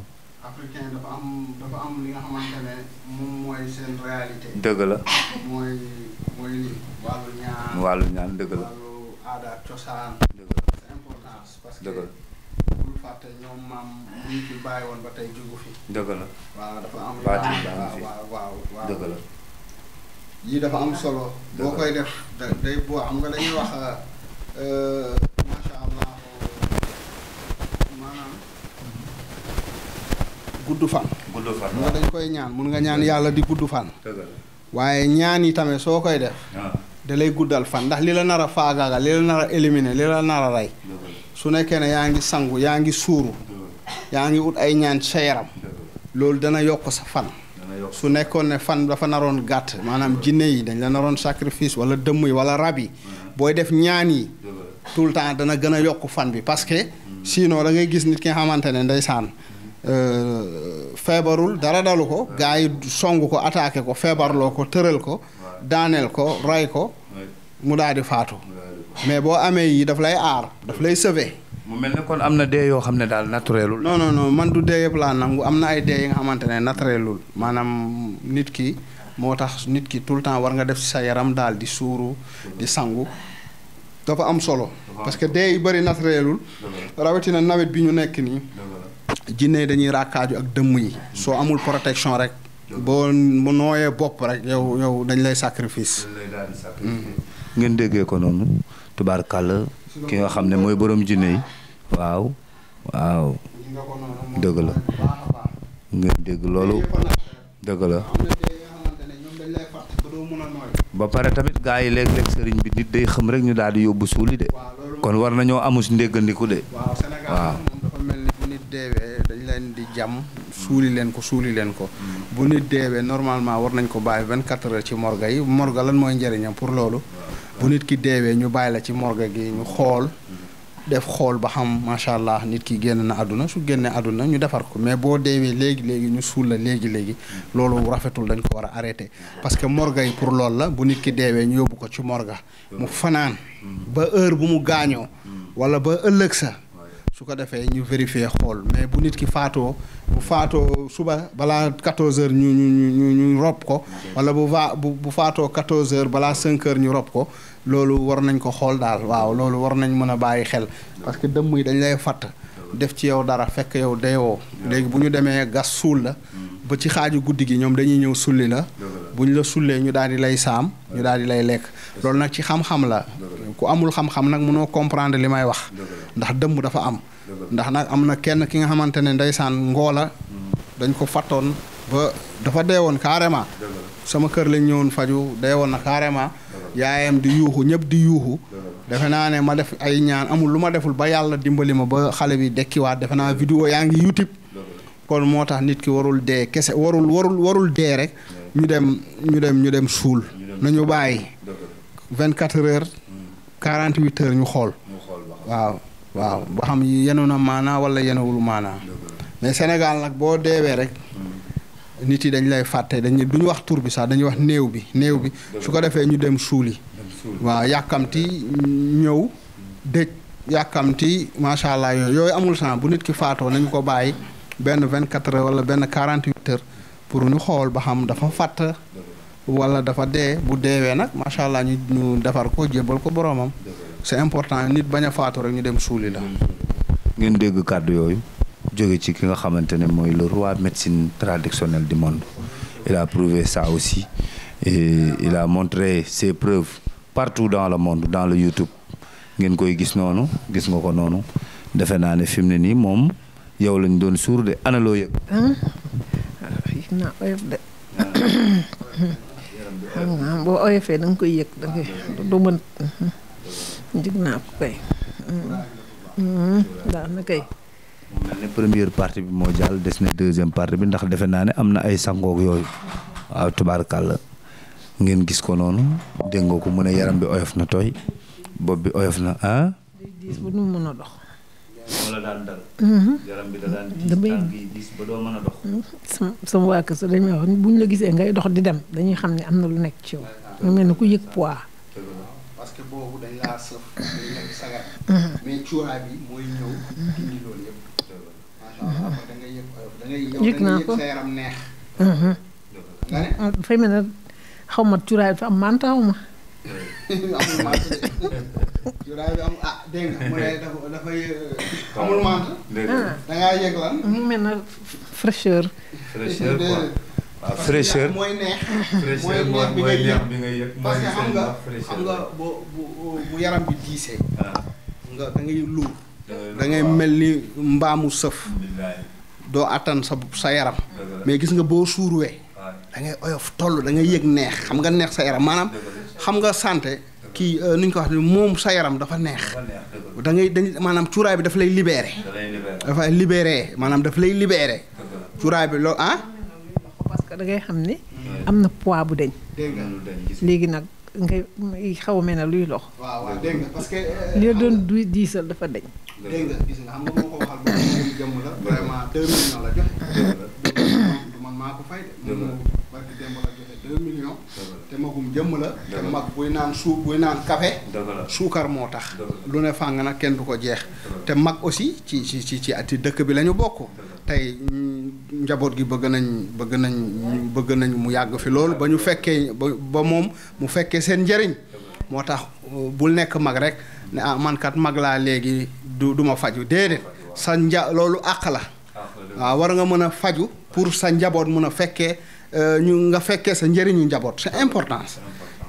[SPEAKER 3] dëgg la. wàllu ñaan dëgg la.
[SPEAKER 2] fi dëgg la. yii dafa am solo boo koy def da day boo xam nga dañuy wax euh, macha allah gudd fan gudd dañ koy ñaan mun nga ñaan yàlla di gudd fan waaye ñaan yi tamit soo koy def ah. da lay guddal fan ndax li la nar a faagaaga li la nar a li la nar rey su nekkee ne yaa ngi sangu yaa ngi suuru yaa ngi ut ay ñaan sa yaram loolu dana yokk sa fan su nekkoon ne fan dafa naroon gàtt maanaam jinne yi dañ la naroon sacrifice wala dëmm yi wala rab yi booy def ñaan yi tout temps dana gën a yokk fan bi parce que sinon da ngay gis nit ki nga xamante ne ndeysaan euh, feebarul dara dalu ko gaa yi song ko attaque ko feebarloo ko tëral ko daaneel ko ray ko mu daal di faatu mais boo amee yi daf lay aar daf lay sauver mu
[SPEAKER 3] mel ne kon am na dee yoo xam ne daal naturelul.
[SPEAKER 2] non non non man du dee yëpp laa nangu am na ay dee yi nga xamante ne naturelul maanaam nit ki moo tax nit ki tout le temps war nga def sa yaram daal di suuru di sangu dafa am solo. parce que dee yu bëri naturelul. rawatina nawet bi ñu nekk nii. jinne dañuy ràkkaaju ak dëmm yi. soo amul protection rek. boo mu nooyee bopp rek yow yow dañ lay sacrifice.
[SPEAKER 3] Mm. ngeen déggee ko noonu tubaarkàlla ki nga xam ne mooy borom jinne yi. waaw waaw dëgg la ngeen dégg loolu dëgg la ba pare tamit gaa yi léeg-léeg sëriñ bi nit day xam rek ñu daal di yóbbu suuli de kon war nañoo amus ndéggandiku de
[SPEAKER 2] waaw mel ni deewee dañ leen di jàmm suuli leen ko suuli leen ko bu nit deewee normalement war nañ ko bàyyi vint quatre heures ci morga yi morga lan mooy njariñam pour loolu bu nit ki deewee ñu bàyyi la ci morga gi ñu xool def xool ba xam macha allah nit ki génn na àdduna su génnee àdduna ñu defar ko mais boo deewee léegi léegi ñu suul la léegi léegi loolu rafetul dañ ko war a arrêté parce que morgue yi pour loolu la bu nit ki deewee ñu yóbbu ko ci morga mu fanaan mm. ba heure bu mu gaañoo mm. wala ba ëllëg sa su ko defee ñu vérifier xool mais bu nit ki faatoo bu faatoo suba balaa 14 heures ñu ñu ñu rob ko wala bu va bu bu faatoo 14 heures balaa 5 heures ñu rob ko loolu war nañ ko xool daal waaw loolu war nañ mën a bàyyi xel parce que dëmm yi dañ lay fatt def ci yow dara fekk yow deewoo léegi bu ñu demee gas suul la ba ci xaaju guddi gi ñoom dañuy ñëw sulli la bu ñu la sullee ñu daal di lay saam ñu daal di lay lekk loolu nag ci xam-xam la ku amul xam-xam nag mënoo comprendre li may wax ndax dëmm dafa am ndax nag am na kenn ki nga xamante ne ndeysaan ngoola dañ ko fattoon ba dafa dee woon carrément sama kër lañ ñëwoon faju woon na carrément yaayam di yuuxu ñëpp di yuuxu defe naa ne ma def ay ñaan amul lu ma deful ba yàlla dimbali ma ba xale bi dekkiwaat defe naa vidéo yaa ngi YouTube kon moo tax nit ki warul dee kese warul warul warul dee rek ñu dem ñu dem ñu dem suul nañu bàyyi vingt quatre heures hmm. quarante huit heures ñu xool waaw waaw ba xam yenu na maanaa wala yenuwul maanaa mais Sénégal nag boo deewee rek nit yi dañ lay fàtte dañu duñu wax tur bi sax dañuy wax néew bi néew bi su ko defee ñu dem suuli waaw yàkkamti ñëw dëj yàkkamti macha allah yooyu yooyu amul sant bu nit ki faatoo nañu ko bàyyi benn vingt quatre heures wala benn quarante huit pour ñu xool ba xam dafa fàtt wala dafa dee bu deewee nag macha allah ñu ñu defar ko jébbal ko boroomam c'est important nit bañ a faatu rek ñu dem suuli la.
[SPEAKER 3] ngeen dégg kàddu yooyu jóge ci ki nga xamante ne mooy le roi médecine traditionnelle du monde il a prouvé ça aussi et il a montré ses preuves partout dans le monde dans le YouTube ngeen koy gis noonu gis nga ko noonu defe naa ne fi mu ne nii moom yow lañ doon suur de ana yëg.
[SPEAKER 4] boo oyofee da nga koy yëg da nga du mhmm, naa ko kay mhmm, mhmm, na kay
[SPEAKER 3] mu mel première partie bi moo jàll des ne deuxième partie bi ndax defe naa ne am na ay sangoog yooyu waaw tubaarkàlla ngeen gis ko noonu dégg nga ko mu ne yaram bi oyof na tooy bopp bi oyof na ah.
[SPEAKER 4] diis bu nu mën a dox.
[SPEAKER 3] moo la daan mhm.
[SPEAKER 4] mm, waa kër sa dañ may bu ñu la gisee ngay dox di dem dañuy xam ne am na lu nekk ci yow. mu mel ni ku yëg poids.
[SPEAKER 2] que boobu dañ laa mhm. mhm. yëg da ngay yëg
[SPEAKER 4] da ngay xaw ma cuuraay dafa am manta xaw ma.
[SPEAKER 2] amul mante de cuuraay am ah dégg nga mu ne euh, ah. na fraîcheur fraîcheur quoi ah, parce que xam nga bu yaram bi diisee ah. nga da ngay luur mel ni mbaamu sëf doo àttan sa sa yaram mais gis nga boo suurwee da ngay oyof toll da yëg neex xam nga neex sa yaram maanaam xam nga santé kii euh, nu ñu ko wax ne moom sa yaram dafa neex da ngay dañ maanaam cuuraay bi dafa lay libéré dafa libéré maanaam dafa lay libéré cuuraay bi loolu ah
[SPEAKER 4] parce que da ngay xam ni am na pois bu deñ léegi nag ngay xaw a mel luy lox waaw
[SPEAKER 2] parce que euh, li
[SPEAKER 4] doon du diisal dafa deñ
[SPEAKER 2] gis nga xam nga deux millions te magum jëmm la te mag buy naan suuf buy naan café suukar moo tax lu ne fàng nag kenn du ko jeex te mag aussi ci ci ci ci ati dëkk bi lañu bokk tey njaboot gi bëgg nañ bëgg nañ bëgg nañ mu yàgg fi loolu ba ñu fekkee ba moom mu fekkee seen njëriñ moo tax euh, bul nekk mag rek ne ah man kat mag laa léegi du du ma faju déedéet sa nja loolu àq la waaw ah, war nga mën a faju pour sa njaboot mën a fekkee Euh, ñu nga fekkee sa njëriñu njaboot c'est importance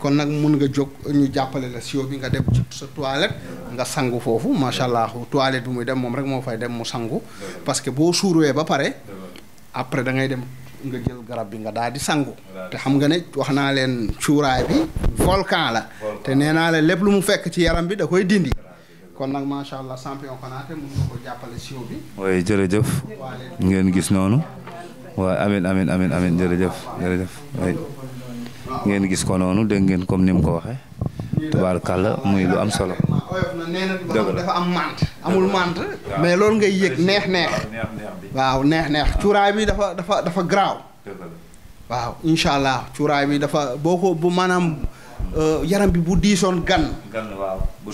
[SPEAKER 2] kon nag mun nga jóg ñu jàppale la sio bi nga dem sa toilette nga sangu foofu macha allah toilette bu muy dem moom rek moo fay dem mu sangu parce que boo suurwee ba pare après da ngay dem nga jël garab bi nga daal di sangu te xam nga ne wax naa leen cuuraay bi volcan la te nee naa leen lépp lu mu fekk ci yaram bi da koy dindi kon nag macha allah champion Konaté mun nga ko jàppale sio bi.
[SPEAKER 3] waaye jërëjëf ngeen gis noonu. waaw amin amin amin amin jërëjëf jërëjëf waay ngeen gis ko noonu dégg ngeen comme ni mu ko waxe
[SPEAKER 2] waxee tubaarkàlla muy lu am solo. dëgg dafa am mante amul mante mais loolu ngay yëg neex neex. waaw neex neex cuuraay bi dafa dafa dafa garaaw. waaw incha cuuraay bi dafa boo ko bu maanaam. Euh, yaram bi bu diisoon gan. gan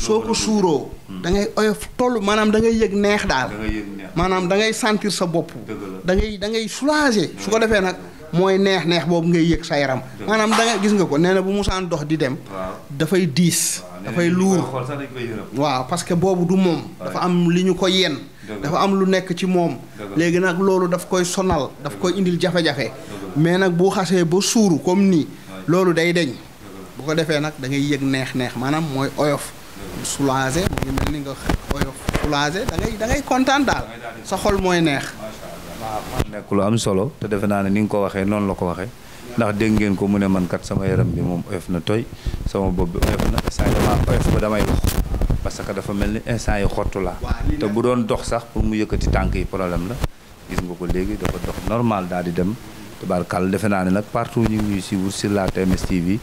[SPEAKER 2] soo ko suuroo. Hmm. da ngay oyof toll maanaam da ngay yëg neex daal. maanaam da ngay sentir sa bopp. da ngay da ngay soulager su ko defee nag. mooy neex neex boobu ngay yëg sa yaram. maanaam da gis nga ko nee na bu musaan dox di dem. dafay diis. dafay luur waaw parce que boobu du moom. dafa am li ñu ko yenn. dafa am lu nekk ci moom. léegi nag loolu daf koy sonal. daf koy indil jafe-jafe. mais nag bu xasee ba suuru comme nii. loolu day deñ bu ko defee nag dangay ngay yëg neex-neex maanaam mooy oyof soulagé mu ngi mel ni nga oyof soulagé da ngay kontaan daal sa xol mooy neex waaw
[SPEAKER 3] nekk lu am solo te defe naa ne ni nga ko waxee noonu la ko waxee ndax dégg ngeen ko mu ne man kat sama yaram bi moom oyof na tooy sama bopp bi oyof na instant dama oyof ba damay wax parce que dafa mel ni instant yi xottu la te bu doon dox sax pour mu yëkkati tànk yi problème la gis nga ko léegi dafa dox normal daal di dem tubaarkàll defe naa ne nag partout ñu ngi ñuy suivre sur la TMS TV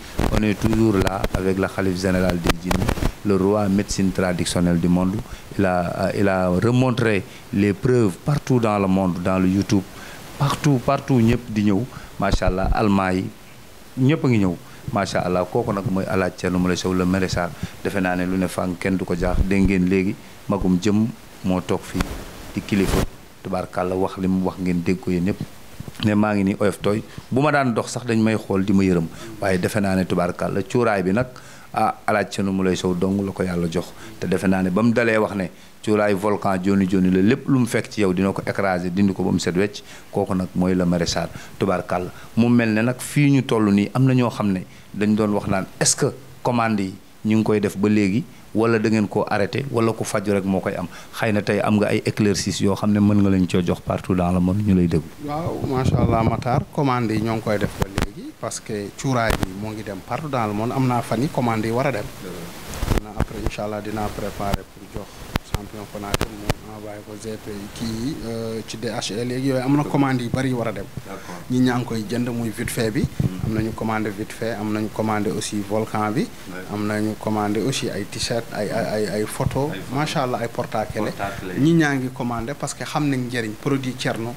[SPEAKER 3] toujours la avec la khalife général des djinns le roi médecine traditionnelle du monde il la il a remontré les preuves partout dans le monde dans le YouTube partout partout ñëpp di ñëw macha allah almaa yi ñëpp a ngi ñëw macha allah kooku nag mooy alaaj la Moule Sow le maréchal defe naa ne lu ne fànn kenn du ko jaax dégg ngeen léegi magum jëm moo toog fii di kilifa tubaarkàlla wax li mu wax ngeen dégg ko ñëpp. ne maa ngi nii oyof tooy bu ma daan dox sax dañ may xool di ma yërëm waaye defe naa ne tubaar tubaarkàlla cuuraay bi nag ah alaaj seenu mu lay sow dong la ko yàlla jox te defe naa ne ba mu dalee wax ne cuuraay volcan joni joni la lépp lu mu fekk ci yow dina ko écraser dindi ko ba mu set wecc kooku nag mooy la tubaar tubaarkàlla mu mel ne nag fii ñu toll nii am na ñoo xam ne dañ doon wax naan est-ce que commande yi ñu ngi koy def ba léegi wala da ngeen koo wala ko faju rek moo koy am xëy na tey am nga ay éclaircis yoo xam ne mën nga lañ coo jox partout dans le monde ñu lay déglu.
[SPEAKER 2] waaw macha allah Matar commande yi ñoo ngi koy def ba léegi parce que cuuraay bi moo ngi dem partout dans le monde am naa fan yi commande yi war a dem. après incha allah dinaa préparer pour jox. champion Konaté mu envoyé ko GP kii euh, ci DHL e léegi am na commande yu bëri yu war a dem ñi ñaa ngi koy jënd muy vite fait bi hmm. am nañu commandé vite fait am nañu commandé aussi volcan bi am nañu commandé aussi ay t-shirt ay ay ay photo macha allah ay porte-clés ñi ñaa ngi commandé parce que xam nañ njëriñ produit Thierno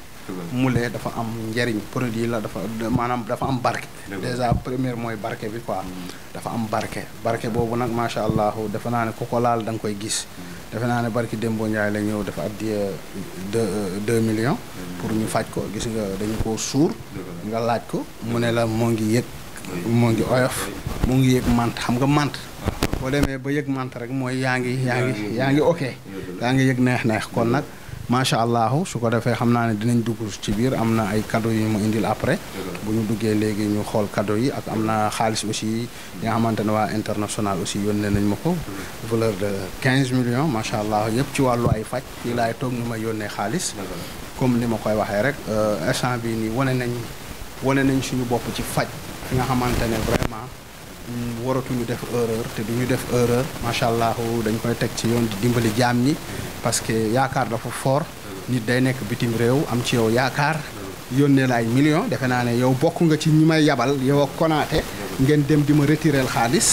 [SPEAKER 2] moulet dafa am njëriñ produit la dafa maanaam dafa am barke déjà première mooy barke bi quoi hmm. dafa am barke barke boobu nag macha allah defe naa ne ku ko laal da nga koy gis hmm. defe naa ne barki Dembo Ndiaye la ñëw dafa addiya deux euh, deux millions. pour ñu faaj ko gis nga dañu koo suur. nga laaj ko mu ne la moo ngi yëg. mu ngi oyof mu ngi yëg mant xam nga mant. boo demee ba yëg mant rek mooy yaa ngi yaa ngi yaa ngi ok. yaa ngi yëg neex neex kon nag. macha allah su ko defee xam naa ne dinañ dugg ci biir am na ay cadeau yu ma indil après. bu ñu duggee léegi ñu xool cadeau yi ak am na xaalis aussi. yi nga xamante ne waa international aussi yónnee nañ ma ko. valeur de 15 millions macha allah yëpp ci wàllu ay faj. fii laay toog ñu may yónnee xaalis. comme ni ma koy waxee rek. Euh, instant bi nii wane nañ wane nañ suñu bopp ci faj. fi nga xamante ne vraiment. Mm, waratuñu def erreur te du ñu def erreur. macha allah dañ koy teg ci yoon dimbali jaam ñi. parce que yaakaar dafa foor nit day nekk bitim réew am ci yow yaakaar yónnee la ay million defe naa ne yow bokk nga ci ñi may yabal yow ak konaate ngeen dem di ma retireel xaalis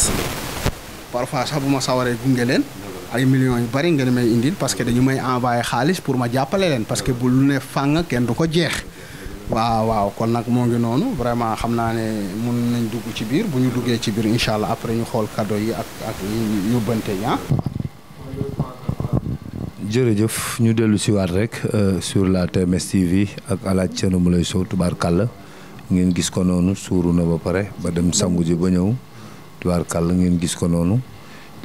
[SPEAKER 2] parfois sax bu ma sawaree gunge leen ay millions yu bari ngeen may indil parce que dañu may envoyé xaalis pour ma jàppale leen parce que bu lu ne fàng kenn du ko jeex waaw waaw kon nag moo ngi noonu vraiment xam naa ne mun nañ dugg ci biir bu ñu duggee ci biir incha allah après ñu xool cadeau yi ak ak yóbbante yi ah.
[SPEAKER 3] jërëjëf ñu dellu si waat rek euh, sur la TMS TV ak alaaj Thierno Moulay Sow tubaarkàlla ngeen gis ko noonu suuru na ba pare ba dem sangu ji ba ñëw kàll ngeen gis ko noonu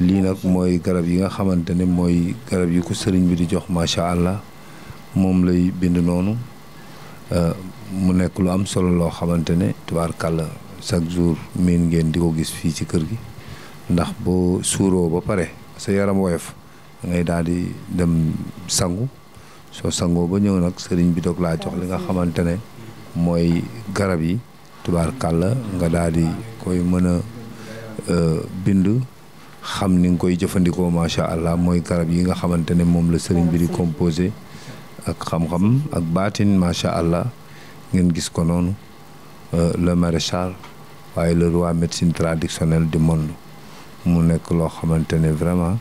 [SPEAKER 3] lii nag mooy garab yi nga xamante ne mooy garab yi ko sëriñ bi di jox macha allah moom lay bind noonu euh, mu nekk lu am solo loo xamante ne tubaarkàlla chaque jour miin ngeen di ko gis fii ci kër gi ndax boo suuroo ba pare sa yaram woyof ngay daal di dem sangu soo sangoo ba ñëw nag sëriñ bi doog laa jox li nga xamante ne mooy garab yi tubaarkàlla nga daal di koy mën a euh, bind xam ni nga koy jëfandikoo macha allah mooy garab yi nga xamante ne moom la sëriñ bi di composé ak xam-xam ak baatin macha allah ngeen gis ko noonu euh, le maréchal waaye le roi médecine traditionnelle du monde mu nekk loo xamante ne vraiment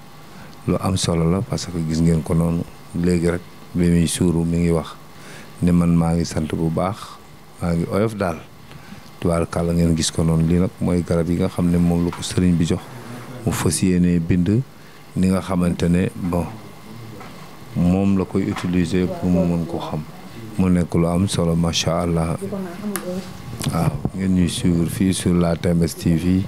[SPEAKER 3] lu am solo la parce que gis ngeen ko noonu léegi rek bi muy suuru mi ngi wax ne man maa ngi sant bu baax maa ngi oyof daal tubaarkàlla ngeen gis ko noonu lii nag mooy garab yi nga xam ne moom la ko sëriñ bi jox mu fas yéene bind ni nga xamante ne bon moom la koy utiliser pour mu mën ko xam mu nekk lu am solo macha allah waaw ngeen ñuy suivre fii sur la TMS TV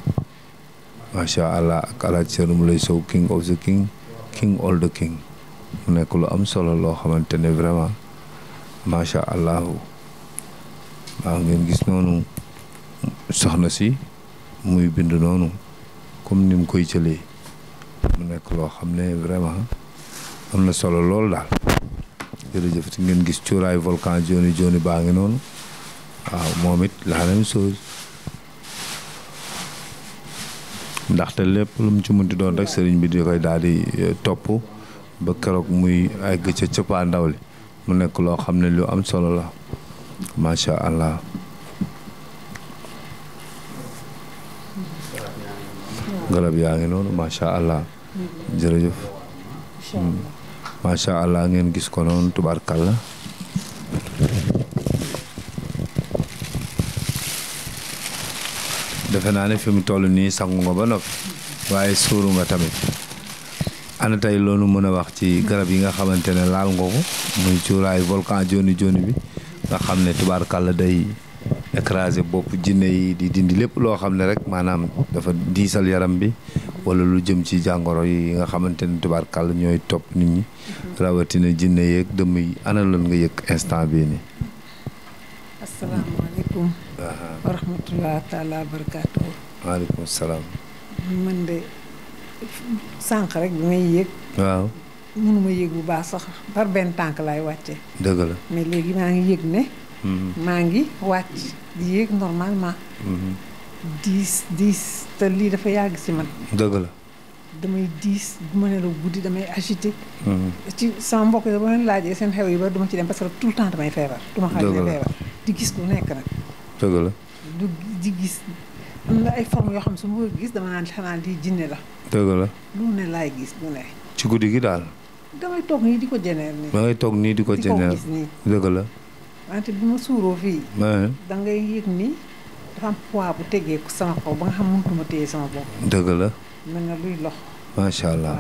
[SPEAKER 3] macha allah ak alaaj Sëriñ Moulay Sow king of the king king all king mu nekk lu am solo loo xamante ne vraiment macha allahu maa ngeen gis noonu soxna si muy bind noonu comme ni koy jëlee mu nekk loo xam ne vraiment am na solo lool daal jërëjëf ngeen gis cuuraay volcan joni jooni baa ngi noonu waaw moom it la ndaxte lépp lu mu ci munti doon rek sëriñ bi di koy daal di eh, topp ba keroog muy egg ca cëppaa ndaw li mu nekk loo xam ne lu am solo la macha allah. garab yaa ngi noonu macha allah. jërëjëf. macha hmm. allah ngeen gis ko noonu la defe naa ne fi mu toll nii sangu nga ba noppi waaye suuru nga tamit ana tey loolu mën a wax ci garab yi nga xamante ne laal nga ko muy cuuraayu volcan joni joni bi nga xam ne tubaarkàlla day écraser bopp jinne yi di dindi lépp loo xam ne rek maanaam dafa diisal yaram bi wala lu jëm ci jàngoro yi nga xamante ne tubaarkàlla ñooy topp nit ñi rawatina jinne yeeg dëmm yi ana lan nga yëg instant bii nii
[SPEAKER 4] wa rahmatulah taalaa barakaatu.
[SPEAKER 3] waaleykum salaam.
[SPEAKER 4] man de sànq rek bi may yéeg. waaw. mënuma yéeg bu baax sax par benn tànk laay wàcce. dëgg la mais léegi maa ngi yéeg ne. Hmm. maa ngi wàcc di yéeg normalement. Hmm. diis diis te lii dafa yàgg si man. dëgg la. damay diis bu ma ne la guddi damay agité. Hmm. ci sama mbokk yi ba leen laajee seen xew yi ba duma ci dem parce que tout le temps damay feebar. duma xam ne feebar di gis lu nekk nag. dëgg la. du di gis am ay forme yoo xam su ma gis dama naan xanaa lii jinne la. dëgg la lu ne laay gis lu ne.
[SPEAKER 3] ci guddi gi daal.
[SPEAKER 4] damay toog nii di ko jeneer
[SPEAKER 3] nii. toog nii di ko jeneer dëgg la.
[SPEAKER 4] wante bi ma suuroo fii. da ngay yëg ni dafa am poids bu tegee sama kaw ba nga xam mënutuma téye sama bopp. dëgg la. mel na luy lox.
[SPEAKER 3] macha allah.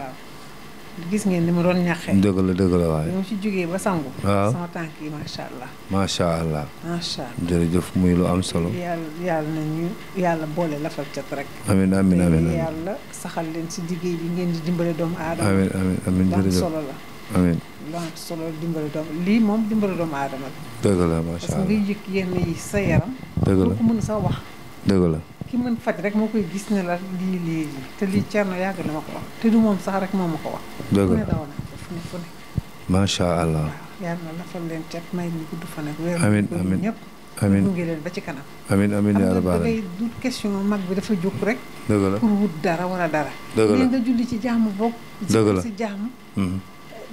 [SPEAKER 4] gis ngeen ni mu doon ñaxee. dëgg
[SPEAKER 3] la dëgg la waaye. mu
[SPEAKER 4] ci jógee ba sangu. waaw sama tànk yi macha allah.
[SPEAKER 3] macha allah. macha allah muy lu am solo.
[SPEAKER 4] yàlla yàlla nañu yàlla boole lafal cat rek.
[SPEAKER 3] amiin amiin amiin
[SPEAKER 4] yàlla saxal leen si liggéey bi ngeen di dimbale doomu aadama.
[SPEAKER 3] amiin solo la.
[SPEAKER 4] dimbale doomu lii moom dimbale doomu aadama la.
[SPEAKER 3] dëgg la macha
[SPEAKER 4] allah sa yaram. dëgg la ko mën sa wax. dëgg la. ki mën faj rek moo koy gis ne la lii lii te lii na yàgg na ma ko wax te du moom sax rek moom ma ko wax. dëgg la fu ne
[SPEAKER 3] macha allah.
[SPEAKER 4] yàlla na lafal leen cat may ñu gudd fan ak weer. amiin amiin ñëpp. amiin gunge leen ba ci kanam.
[SPEAKER 3] amiin amiin yaa rabbal aalamiin
[SPEAKER 4] du question mag bi dafa jóg rek. dëgg la pour wut dara wala dara. dëgg la lii nga julli ci jaamu bokk. dëgg la ci jaamu. Mm-hmm.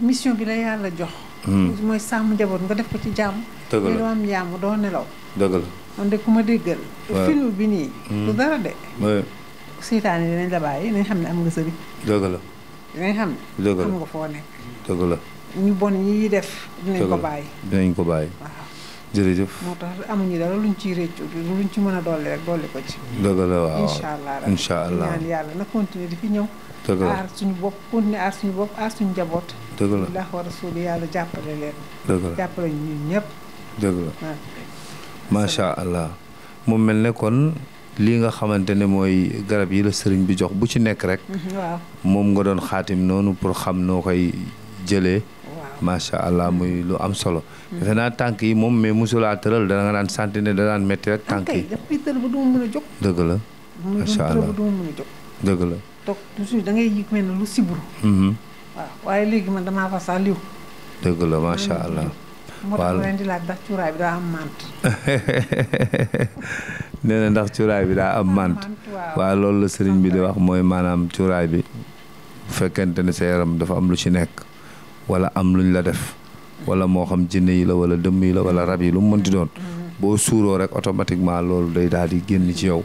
[SPEAKER 4] mission bi la yàlla jox. Mm-hmm. mooy sàmm njaboot nga def ko ci jaamu. dëgg la am yaamu doo nelaw. dëgg la. man de ku ma déggal. film bi nii. Mm. du dara de. seytaan yi dinañ la bàyyi dinañ xam ne am nga
[SPEAKER 3] sëriñ. dëgg la.
[SPEAKER 4] xam ne. la xam nga foo nekk. dëgg ñu bon ñi def. dinañ ko bàyyi
[SPEAKER 3] dinañ ko bàyyi. jërëjëf moo
[SPEAKER 4] tax amuñu dara luñ ciy rëccu luñ ci mën a dolli rek dolli ko ci. dëgg la allah incha allah yàlla na continuer di ki ñëw. dëgg la aar suñu bopp continuer aar suñu bopp aar suñu njaboot. dëgg la ndax yàlla jàppale leen. dëgg ñëpp.
[SPEAKER 3] dëgg macha allah moom mel ne kon lii nga xamante ne mooy garab yi la sëriñ bi jox bu ci nekk rek. Mhm, moom nga doon xaatim noonu pour xam noo koy jële macha allah muy lu am solo. Mhm. defe naa tànk yi moom mais mosulaa tëral dana nga daan santi ne dana daan métti rek. tànk yi
[SPEAKER 4] ah, dëgg la. macha dëgg
[SPEAKER 3] la mhm. macha allah. moo tax
[SPEAKER 4] ndax cuuraay bi daa am mant. [LAUGHS]
[SPEAKER 3] nee na ndax cuuraay bi daa am mant. waaw loolu la sëriñ bi di wax mooy maanaam cuuraay bi bu fekkente ne sa yaram dafa am lu ci nekk wala am luñ la def wala moo xam jinne yi la wala dëmm yi la wala rab yi lu mu mënti doon mm-hmm. boo suuroo rek automatiquement loolu day daal di génn ci yow.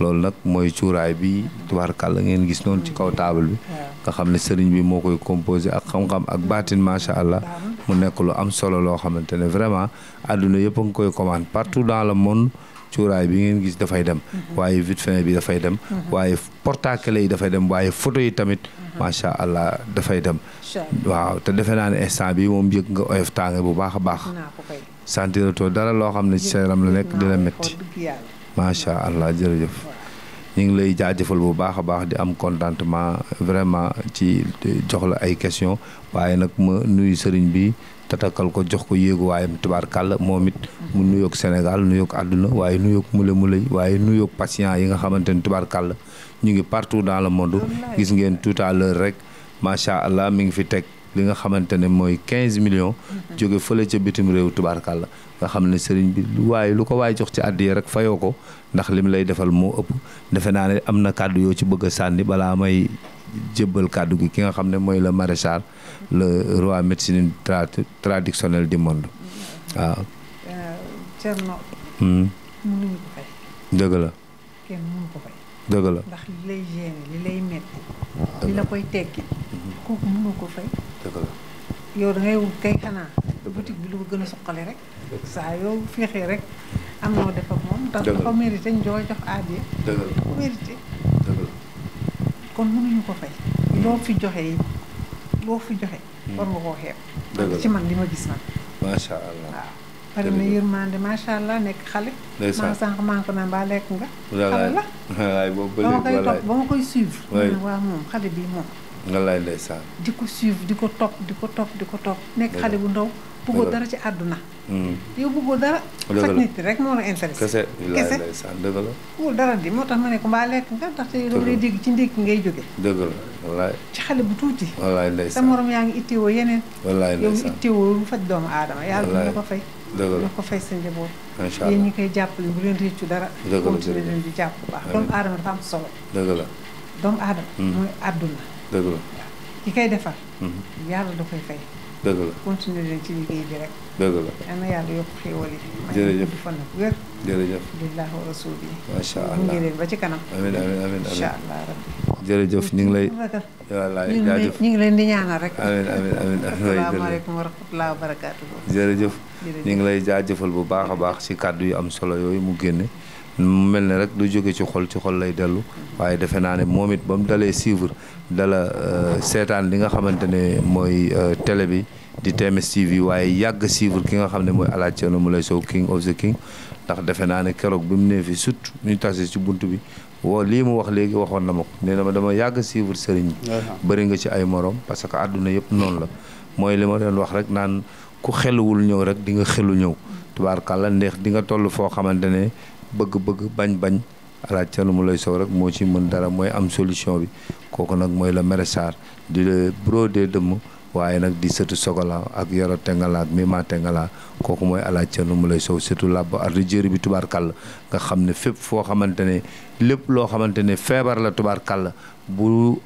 [SPEAKER 3] loolu nag mooy cuuraay bi tubaarkàlla ngeen gis noonu ci kaw taabal bi nga xam ne sëriñ bi moo koy composé ak xam-xam ak baatin macha allah mu nekk lu am solo loo xamante ne vraiment àdduna yëpp a ngi koy commande partout dans le monde cuuraay bi ngeen gis dafay dem mm-hmm. waaye vitrine bi dafay dem mm-hmm. waaye porte-clés yi dafay dem waaye photo yi tamit mm-hmm. macha allah dafay dem waaw te defe naa ne instant bi moom yëg nga oyof tànge bu baax a baax sentiratoo dara loo xam ne ci sa yaram la nekk dina metti macha allah jërëjëf ñu ngi lay jaajëfal bu baax a baax di am contentement vraiment ci jox la ay question waaye nag ma nuyu sëriñ bi tatakal ko jox ko yéegu waayam tubaarkàll moom it mu nuyoog Sénégal nuyoog àdduna waaye nuyoog mule mule waaye nuyoog patient yi nga xamante ni tubaarkàll ñu ngi partout dans le monde gis ngeen tout à l'heure rek macha allah mi ngi fi teg li nga xamante ne mooy 15 millions. jóge fële ca bitim réew tubaarkàlla nga xam ne sëriñ bi waaye lu ko waay jox ci àddiya rek fayoo ko ndax lim lay defal moo ëpp defe naa ne am na kàddu yoo ci bëgg a sànni balaa may jébbal kàddu gi ki nga xam ne mooy le roi médecine traditionnelle du monde waaw. Euh, hmm. dëgg la.
[SPEAKER 4] kenn mënu ko fay. dëgg la li lay gêné li la koy tekki. kooku mënoo ko fay. dëgg la. yow da ngay wut kay xanaa. boutique bi lu ko gën a suqali rek. saa yow féexee rek am noo def ak moom. dëgg la ndax dafa mérité ñu jox jox aadé. kon mënuñu ko fay. loo fi joxe yi loo fi joxe. Hmm. war nga koo xeeb. dëgg la ci man li ma gis man.
[SPEAKER 3] macha allah waaw. bari na
[SPEAKER 4] yërmande macha allah nekk xale. ndeysaan maa sànq maa ko naan ba lekk nga. xale la
[SPEAKER 3] [LAUGHS] wallaay boobu ba ma koy topp ba
[SPEAKER 4] ma koy suivre. waaw moom xale bi moom.
[SPEAKER 3] nga lay ndeysaan
[SPEAKER 4] di ko suivre di ko topp di ko topp di ko topp nekk xale bu ndaw bëggoo dara ci àdduna hmm. yow bëggoo dara faj nit rek moo la
[SPEAKER 3] intéressé kese kese dëgg la
[SPEAKER 4] bëggoo dara di moo tax ma ne ko mbaa lekk nga ndaxte dama lay dégg ci ndékki ngay jóge
[SPEAKER 3] dëgg la wallaay
[SPEAKER 4] xale bu tuuti
[SPEAKER 3] wallaay ndeysaan sa
[SPEAKER 4] moroom yaa ngi itteewoo yeneen wallaay yow itteewoo lu faj doomu aadama yàlla dina ko fay dëgg la dina ko fay sa njaboot incha allah yéen ñi koy jàppale bu leen réccu dara dëgg la continuer leen di jàpp bu baax doomu aadama dafa am solo la doomu aadama hmm. mooy àdduna dëgg la ki koy defar. Mhm. yàlla da koy fay. dëgg la continuer leen ci liggéey bi rek. dëgg la am na yàlla yokk xéewal yi. jërëjëf maa ngi fan ak wér. jërëjëf billahi wa rasul bi. macha allah mu ngi leen ba ci kanam. amiin amiin amiin incha allah
[SPEAKER 3] rabbi. jërëjëf ñu ngi lay. wallaay jaajëf
[SPEAKER 4] ñu ngi leen di ñaanal rek. amiin amiin amiin asalaamaaleykum wa rahmatulah wa
[SPEAKER 3] barakaatu. jërëjëf ñu ngi lay jaajëfal bu baax a baax ci kàddu yu am solo yooyu mu génne. mu mel ne rek du jóge ci xol ci xol lay dellu mm-hmm. waaye defe naa ne moom it ba mu dalee suivre dala euh, seetaan li nga xamante ne mooy euh, télé bi di TMS TV waaye yàgg suivre ki nga xam ne mooy Alaaji Thierno Mouleye Sow king of the king ndax defe naa ne keroog bi mu nee fi surtout ñu tase ci bunt bi woo lii mu wax léegi waxoon na ma ko nee na ma dama yàgg suivre sëriñ bi bëri nga ci ay morom parce que àdduna yëpp noonu la mooy li ma doon wax rek naan ku xeluwul ñëw rek di nga xelu ñëw tubaarkàlla ndeex di nga toll foo xamante ne bëgg-bëgg bañ-bañ alaaj mu lay Sow rek moo ci mën dara mooy am solution bi kooku nag mooy la maire Sarr di la bureau des dëmm waaye nag di sëtu Sogala ak Yoro Tengala ak Mima tengalaa kooku mooy alaaj mu lay Sow surtout làbb arrijéeri bi tubaarkàll nga xam ne fépp foo xamante ne lépp loo xamante ne feebar la tubaarkàll bu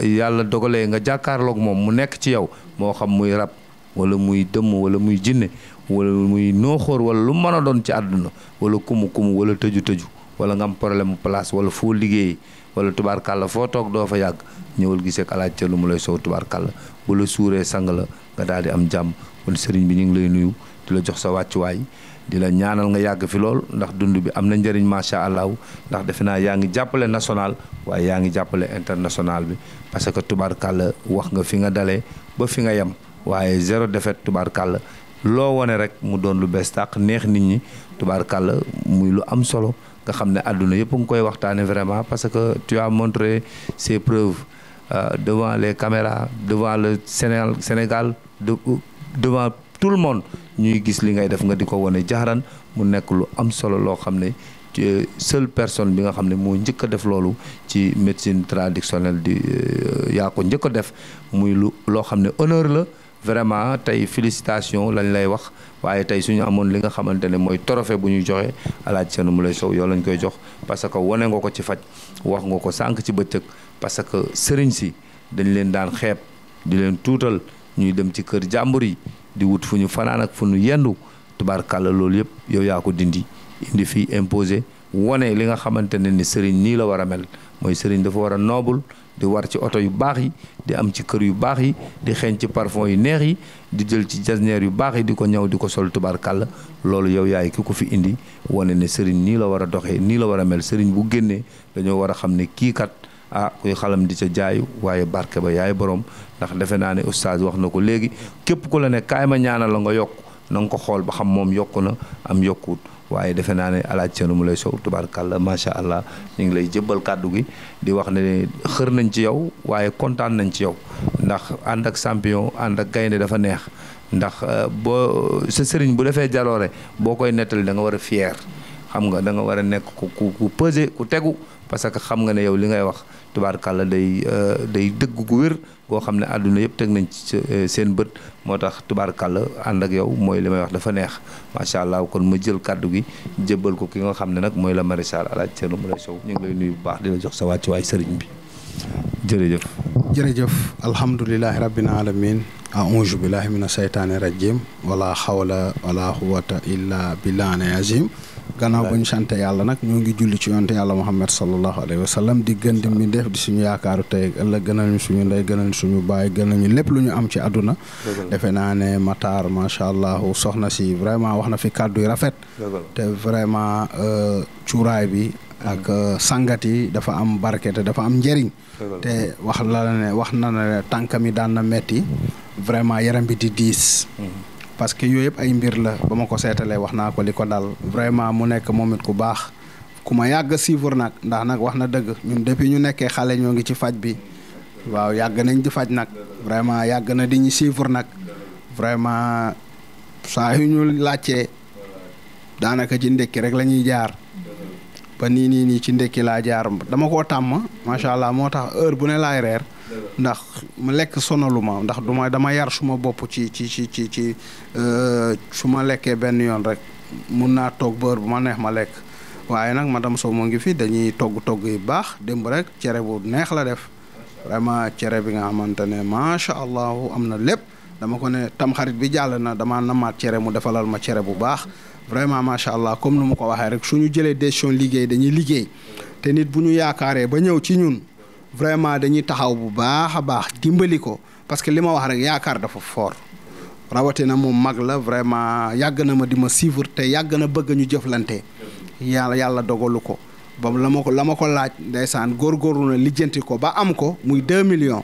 [SPEAKER 3] yàlla dogalee nga jàkkaarloog moom mu nekk ci yow moo xam muy rab wala muy dëmm wala muy jinne wala muy nooxóor wala lu mën a doon ci àdduna wala kumu kumu wala tëju tëju wala nga am problème place wala foo liggéey wala kàll foo toog doo fa yàgg ñëwal gisee ak alaaj ca lu mu lay sow tubaarkàlla bu la suuree sang la nga daal di am jàmm kon sëriñ bi ñu ngi lay nuyu di la jox sa wàccuwaay di la ñaanal nga yàgg fi lool ndax dund bi am na njëriñ macha allah ndax defe naa yaa ngi jàppale national waaye yaa ngi jàppale international bi parce que tubaarkàlla wax nga fi nga dalee ba fi nga yem waaye zéro défaite tubaarkàlla loo wone rek mu doon lu bees tàq neex nit ñi tubaarkàlla muy lu am solo. nga xam ne àdduna yëpp nga koy waxtaane vraiment parce que tu as montré ces preuves euh, devant les caméras devant le Sénégal Sénégal devant tout le mone ñuy gis li ngay def nga di ko wane jaaraan mu nekk lu am solo loo xam ne seule personne bi nga xam ne moo njëkk a def loolu ci médecine traditionnelle di euh, yaa ko njëkk a def muy lu loo xam ne honneur la vraiment tey félicitation lañ lay wax waaye tey su ñu amoon li nga xamante ne mooy trophée bu ñuy joxe alaaj seen mu lay sow yow lañ koy jox parce que wane nga ko ci faj wax nga ko sànq ci bëccëg parce que sëriñ si dañ leen daan xeep di leen tuutal ñuy dem ci kër jàmbur yi di wut fu ñu fanaan ak fu ñu yendu tubaarkàlla loolu yëpp yow yaa ko dindi indi fii imposé wane li nga xamante ne ni sëriñ nii la war a mel mooy sëriñ dafa war a noobul di war ci oto yu baax yi di am ci kër yu baax yi di xeeñ ci parfum yu neex yi di jël ci jasneer yu baax yi di ko ñëw di ko sol tubaarkàlla loolu yow yaay ki ko fi indi wane ne sëriñ nii la war a doxee nii la war a mel sëriñ bu génnee dañoo war a xam ne kii kat ah kuy xalam di sa jaayu waaye barke ba yaay borom ndax defe naa ne oustaz wax na ko léegi képp ku la ne kaay ma ñaanal la nga yokk na ko xool ba xam moom yokku na am yokkuwut waaye defe naa ne alaaj seen mu lay sow tubaarkàlla macha allah ñu ngi lay jëbbal kàddu gi di wax ne xër nañ ci yow waaye kontaan nañ ci yow ndax ànd ak sampion ànd ak gaynde dafa neex ndax euh, boo sa sëriñ bu defee jaloore boo koy nettali danga nga war a fier xam nga da nga war a nekk ku ku ku peser ku tegu parce que xam nga ne yow li ngay wax tubaarkàlla day euh, day dëggu gu wér goo xam ne àdduna yëpp teg nañ ci euh, seen bët moo tax tubaarkàlla ànd ak yow mooy li may wax dafa neex macha allah kon ma jël kàddu gi jëbal ko ki nga xam ne nag mooy la maréchal El Hadj Thierno Moule Sow ñu ngi lay nuyu bu baax di la jox sa wàccuwaay sëriñ bi jërëjëf.
[SPEAKER 2] jërëjëf alhamdulilahi rabbil alamin aouzu billahi mina seytaani rajim wala xawla wala xuwata illa billahi azim gannaaw ba ñu sante yàlla nag ñoo ngi julli ci yonte yàlla muhammad sallallahu alayhi wa sallam di gën di mi def di suñu yaakaaru tey ëllëg gënal ñu suñu ndey gënal ñu suñu baay gënal ñu lépp lu ñu am ci àdduna defe naa ne Matar macha allah soxna si vraiment wax na fi kàddu rafet te vraiment euh, cuuraay bi ak euh, sangat yi dafa am barke te dafa am njëriñ te wax la ne wax na ne tànk mi daan na metti vraiment yaram bi di diis mm-hmm. parce que yooyu yëpp ay mbir la ba ma ko seetalee wax naa ko li ko dal vraiment mu nekk moom it ku baax ku ma yàgg suivre nag ndax nag wax na dëgg ñun depuis ñu nekkee xale ñoo ngi ci faj bi waaw yàgg nañ di faj nag vraiment yàgg na di ñu suivre nag vraiment saa yu ñu laajtee daanaka ci ndekki rek la ñuy jaar ba nii nii nii ci ndekki laa jaar dama koo tàmm macha allah moo tax heure bu ne laay reer ndax ma lekk sonaluma ndax du dama yar suma bopp ci ci ci ci ci euh, su ma lekkee benn yoon rek mun naa toog ba bu ma neex ma lekk waaye nag ma madame Sow moo ngi fi dañuy togg togg yu baax démb rek cere bu neex la def vraiment cere bi nga xamante ne macha allah am na lépp dama ko ne tamxarit bi jàll na damaa namaat cere mu defalal ma cere bu baax vraiment macha allah comme nu ma ko waxee rek su ñu jëlee décision liggéey dañuy liggéey te nit bu ñu yaakaaree vraiment dañuy taxaw bu baax a baax dimbali ko parce que li ma wax rek yaakaar dafa foor rawatina moom mag la vraiment yàgg na ma di ma suivre te yàgg na bëgg ñu jëflante yàlla yàlla dogalu ko ba la ma ko la ma ko laaj ndeysaan góorgóorlu na lijjanti ko ba am ko muy deux millions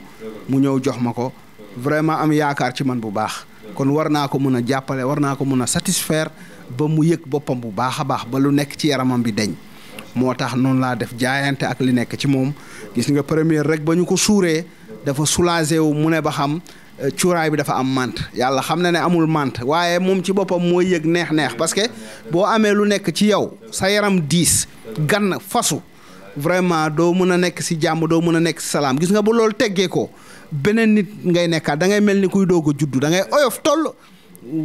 [SPEAKER 2] mu ñëw jox ma ko vraiment am yaakaar ci man bu baax kon war naa ko mun a jàppale war naa ko mun a satisfaire ba mu yëg boppam bu baax a baax ba lu nekk ci yaramam bi deñ moo tax noonu laa def jaayante ak li nekk ci moom gis nga première rek ba ñu ko suuree dafa soulagé wu mu ne ba xam euh, cuuraay bi dafa am mante yàlla xam na ne amul mante waaye moom ci boppam moo yëg neex-neex parce que boo amee lu nekk ci yow sa yaram diis gann fasu vraiment doo mën a nekk si jàmm doo mën a nekk si salaam gis nga ba loolu teggee ko beneen nit ngay nekkaat da ngay mel ni kuy doog a juddu da ngay oyof toll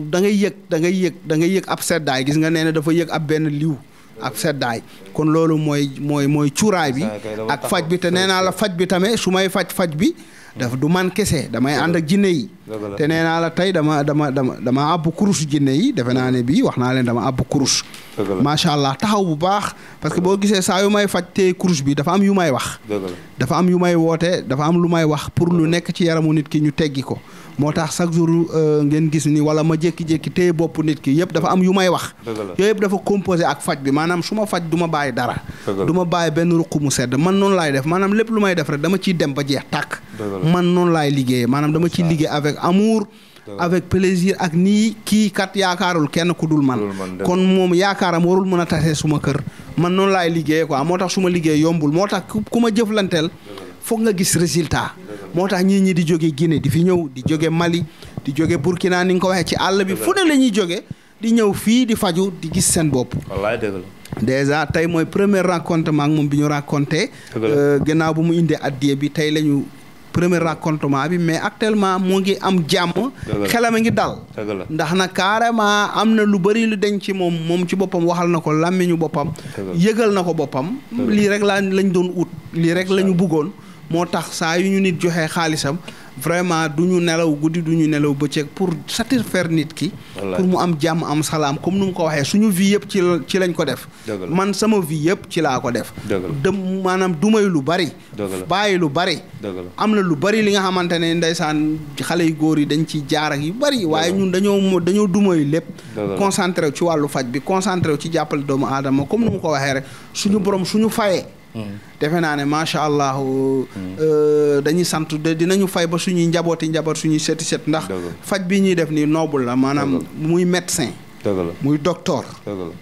[SPEAKER 2] da ngay yëg da ngay yëg da ngay yëg ab seddaay gis nga nee ne dafa yëg ab benn liiw ak seddaay kon loolu mooy mooy mooy cuuraay bi ak faj bi te nee naa la faj bi tame su may faj faj bi daf du man kese damay ànd ak jinne yi te nee naa la tey dama dama dama dama àbb kurus jinne yi defe naa ne bii wax naa leen dama àbb kurus macha allah taxaw bu baax parce que boo gisee saa yu may faj te kurus bi dafa am yu may wax dafa am yu may woote dafa am lu may wax pour lu nekk ci yaramu nit ki ñu teggi ko moo tax chaque jour euh, ngeen gis ni wala ma jékki-jékki téye bopp nit ki yëpp dafa am yu may wax yooyu yëpp dafa composé ak faj bi maanaam su ma faj duma bàyyi dara du ma bàyyi benn ruq mu sedd man noonu laay def maanaam lépp lu may def rek dama ciy dem ba jeex tàkk man noonu laay liggéeyee maanaam dama ciy liggéey avec amour avec plaisir ak nii kii kat yaakaarul kenn ku dul man kon moom yaakaaram warul mën a tase suma kër man noonu laay liggéeyee quoi moo tax su ma liggéey yombul ku ma jëflanteel foog nga gis résultat moo tax ñii ñi di joge Guinée di fi ñëw di jóge Mali di jóge Burkina ni nga ko waxee ci àll bi fu ne la joge di ñëw fii di faju di gis seen bopp wallaay dëgg la déjà tey mooy première rencontre maak moom bi ñu raconté euh, gannaaw bu mu indee addiye bi tey la ñu premier racontement bi mais actuellement mu ngi am jàmm xelam a ngi dal ndax na carrément am na lu bëri lu denc ci moom moom ci boppam waxal na ko làmmiñu boppam yëgal na ko boppam lii rek laa lañ doon ut lii rek la ñu bëggoon moo tax saa yu ñu nit joxee xaalisam vraiment du ñu nelaw guddi du ñu nelaw bëccëg pour satisfaire nit ki. pour mu am jàmm am salaam comme nu mu ko waxee suñu vie yëpp ci ci lañ ko def. man sama vie yëpp ci laa ko def. dem maanaam dumay lu bari. bàyyi lu bari. am na lu bari li nga xamante ne ndeysaan xale yu góor yi dañ ciy jaar ak yu bari. waaye ñun dañoo dañoo dumay lépp. concentré ci wàllu faj bi concentré wu ci jàppale doomu aadama comme nu mu ko waxee rek suñu borom suñu fayee. defe naa ne macha allah. Euh, dañuy sant dinañu fay ba suñuy njabooti njaboot suñuy seeti seet ndax. faj bi ñuy def nii noble la maanaam muy médecin. muy docteur.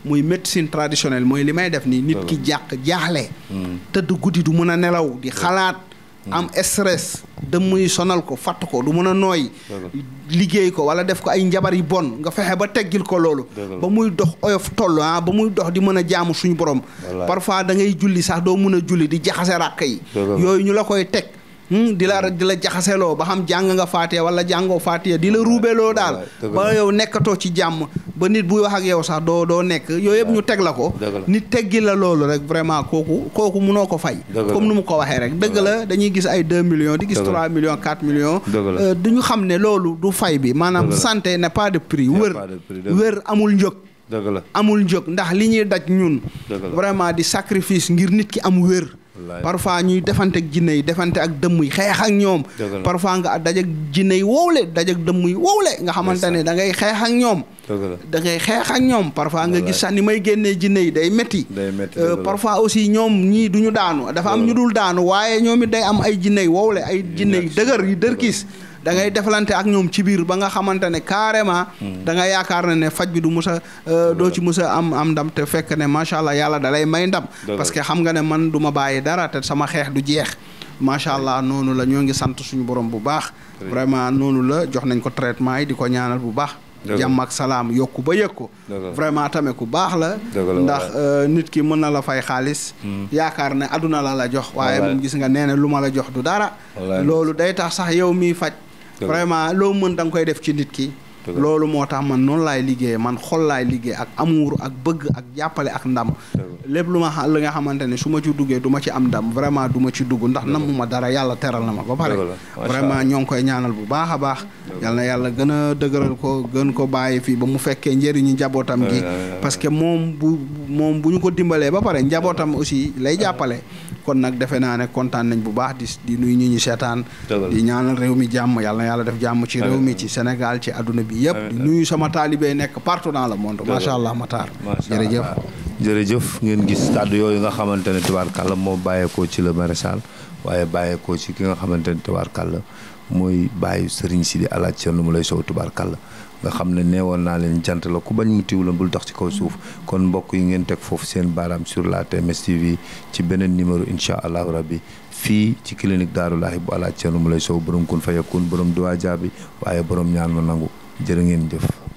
[SPEAKER 2] muy médecine traditionnelle mooy li may def nii. nit ki jàq jaaxle. Hmm. tëdd guddi du mën a nelaw di xalaat. Hmm. am stress dem muy sonal ko fàtt ko du mën a nooy liggéey ko wala def ko ay njabar yu bon nga fexe ba teggil ko loolu ba muy dox oyof toll ah ba muy dox di mën a jaamu suñu borom parfois da ngay julli sax doo mën a julli di jaxase ràkk yi yooyu ñu la koy teg Hmm, di la hmm. di la jaxaseloo ba xam jàng nga faatiya wala jàngoo faatiya di la ruubeloo daal ba yow nekkatoo ci jàmm ba nit buy wax ak yow sax doo doo nekk yooyu yëpp ñu teg la ko nit teggi la loolu rek vraiment kooku kooku munoo ko fay comme nu mu ko waxee rek dëgg la dañuy gis ay deux million di gis trois millions quatre millions euh, du ñu xam ne loolu du fay bi maanaam santé n'est pas de prix wër wër amul njëg dëgg la amul njëg ndax li ñuy daj ñun vraiment di sacrifice ngir nit ki am wér parfois ñuy defante ak jinne yi defante ak dëmm yi xeex ak ñoom parfois nga dajak jinne yi wowle dajak dëmm yi wowle nga xamante ne da ngay xeex ak ñoom da ngay xeex ak ñoom parfois nga gis sax ni may génnee jinne yi day metti euh, parfois aussi ñoom ñii du ñu daanu dafa am ñu dul daanu waaye ñoom it day am ay jinne yi wowle ay jinne yi dëgër yi dërkiis da ngay defalante ak ñoom ci biir ba nga xamante ne carrément hmm. da yaakaar na ne faj bi du musa euh, doo ci mus am am ndam te fekk ne macha allah yàlla dalay may ndam parce que xam nga ne man du ma bàyyi dara te sama xeex du jeex macha allah noonu la ñoo ngi sant suñu borom bu baax vraiment noonu la jox nañ ko traitement yi di ko ñaanal bu baax jàmm ak salaam yokku ba yëg ko vraiment tamit ku baax la ndax euh, nit ki mën na la fay xaalis hmm. yaakaar ne àdduna la la jox waaye gis nga nee na lu ma la jox du dara loolu vraiment loo mën da nga koy def ci nit ki loolu moo tax man noonu laay liggéey man xol laay liggéey ak amuur ak bëgg ak jàppale ak ndam lépp lu ma li nga xamante ne su ma ci duggee du ma ci am ndam vraiment du ma ci dugg ndax namu ma dara yàlla teral na ma ba pare vraiment ñoo ngi koy ñaanal bu baax a baax yal na yàlla gën a dëgëral ko gën ko bàyyi fii ba mu fekkee njëriñu njabootam gi eh, eh, eh, parce que moom bu moom bu ñu ko dimbalee ba pare njabootam aussi lay jàppale kon nag defe naa ne kontaan nañ bu baax di di nuyu ñu ñu seetaan di ñaanal réew mi jàmm yàlla yàlla def jàmm ci réew mi ci Sénégal ci àdduna bi yëpp di nuyu sama taalibee nekk partout dans le monde macha
[SPEAKER 3] allah Matar jërëjëf jërëjëf ngeen gis kàddu yooyu nga xamante ne tubaarkàlla moo bàyyeekoo ci le maréchal waaye bàyyeekoo ci ki nga xamante ne tubaarkàlla mooy bàyyi sëriñ si di alaaj seen lu mu lay sow tubaarkàlla nga xam ne neewoon naa leen jant la ku bañ mu tiw la bul dox ci kaw suuf kon mbokk yi ngeen teg foofu seen baaraam sur la TMS TV ci beneen numéro incha allahu rabbi fii ci clinique Daaru Laahi bu Alaaji Ceerno Moule Sow borom kun fayakun borom duwaa jaabi waaye borom ñaan ma nangu jërë ngeen jëf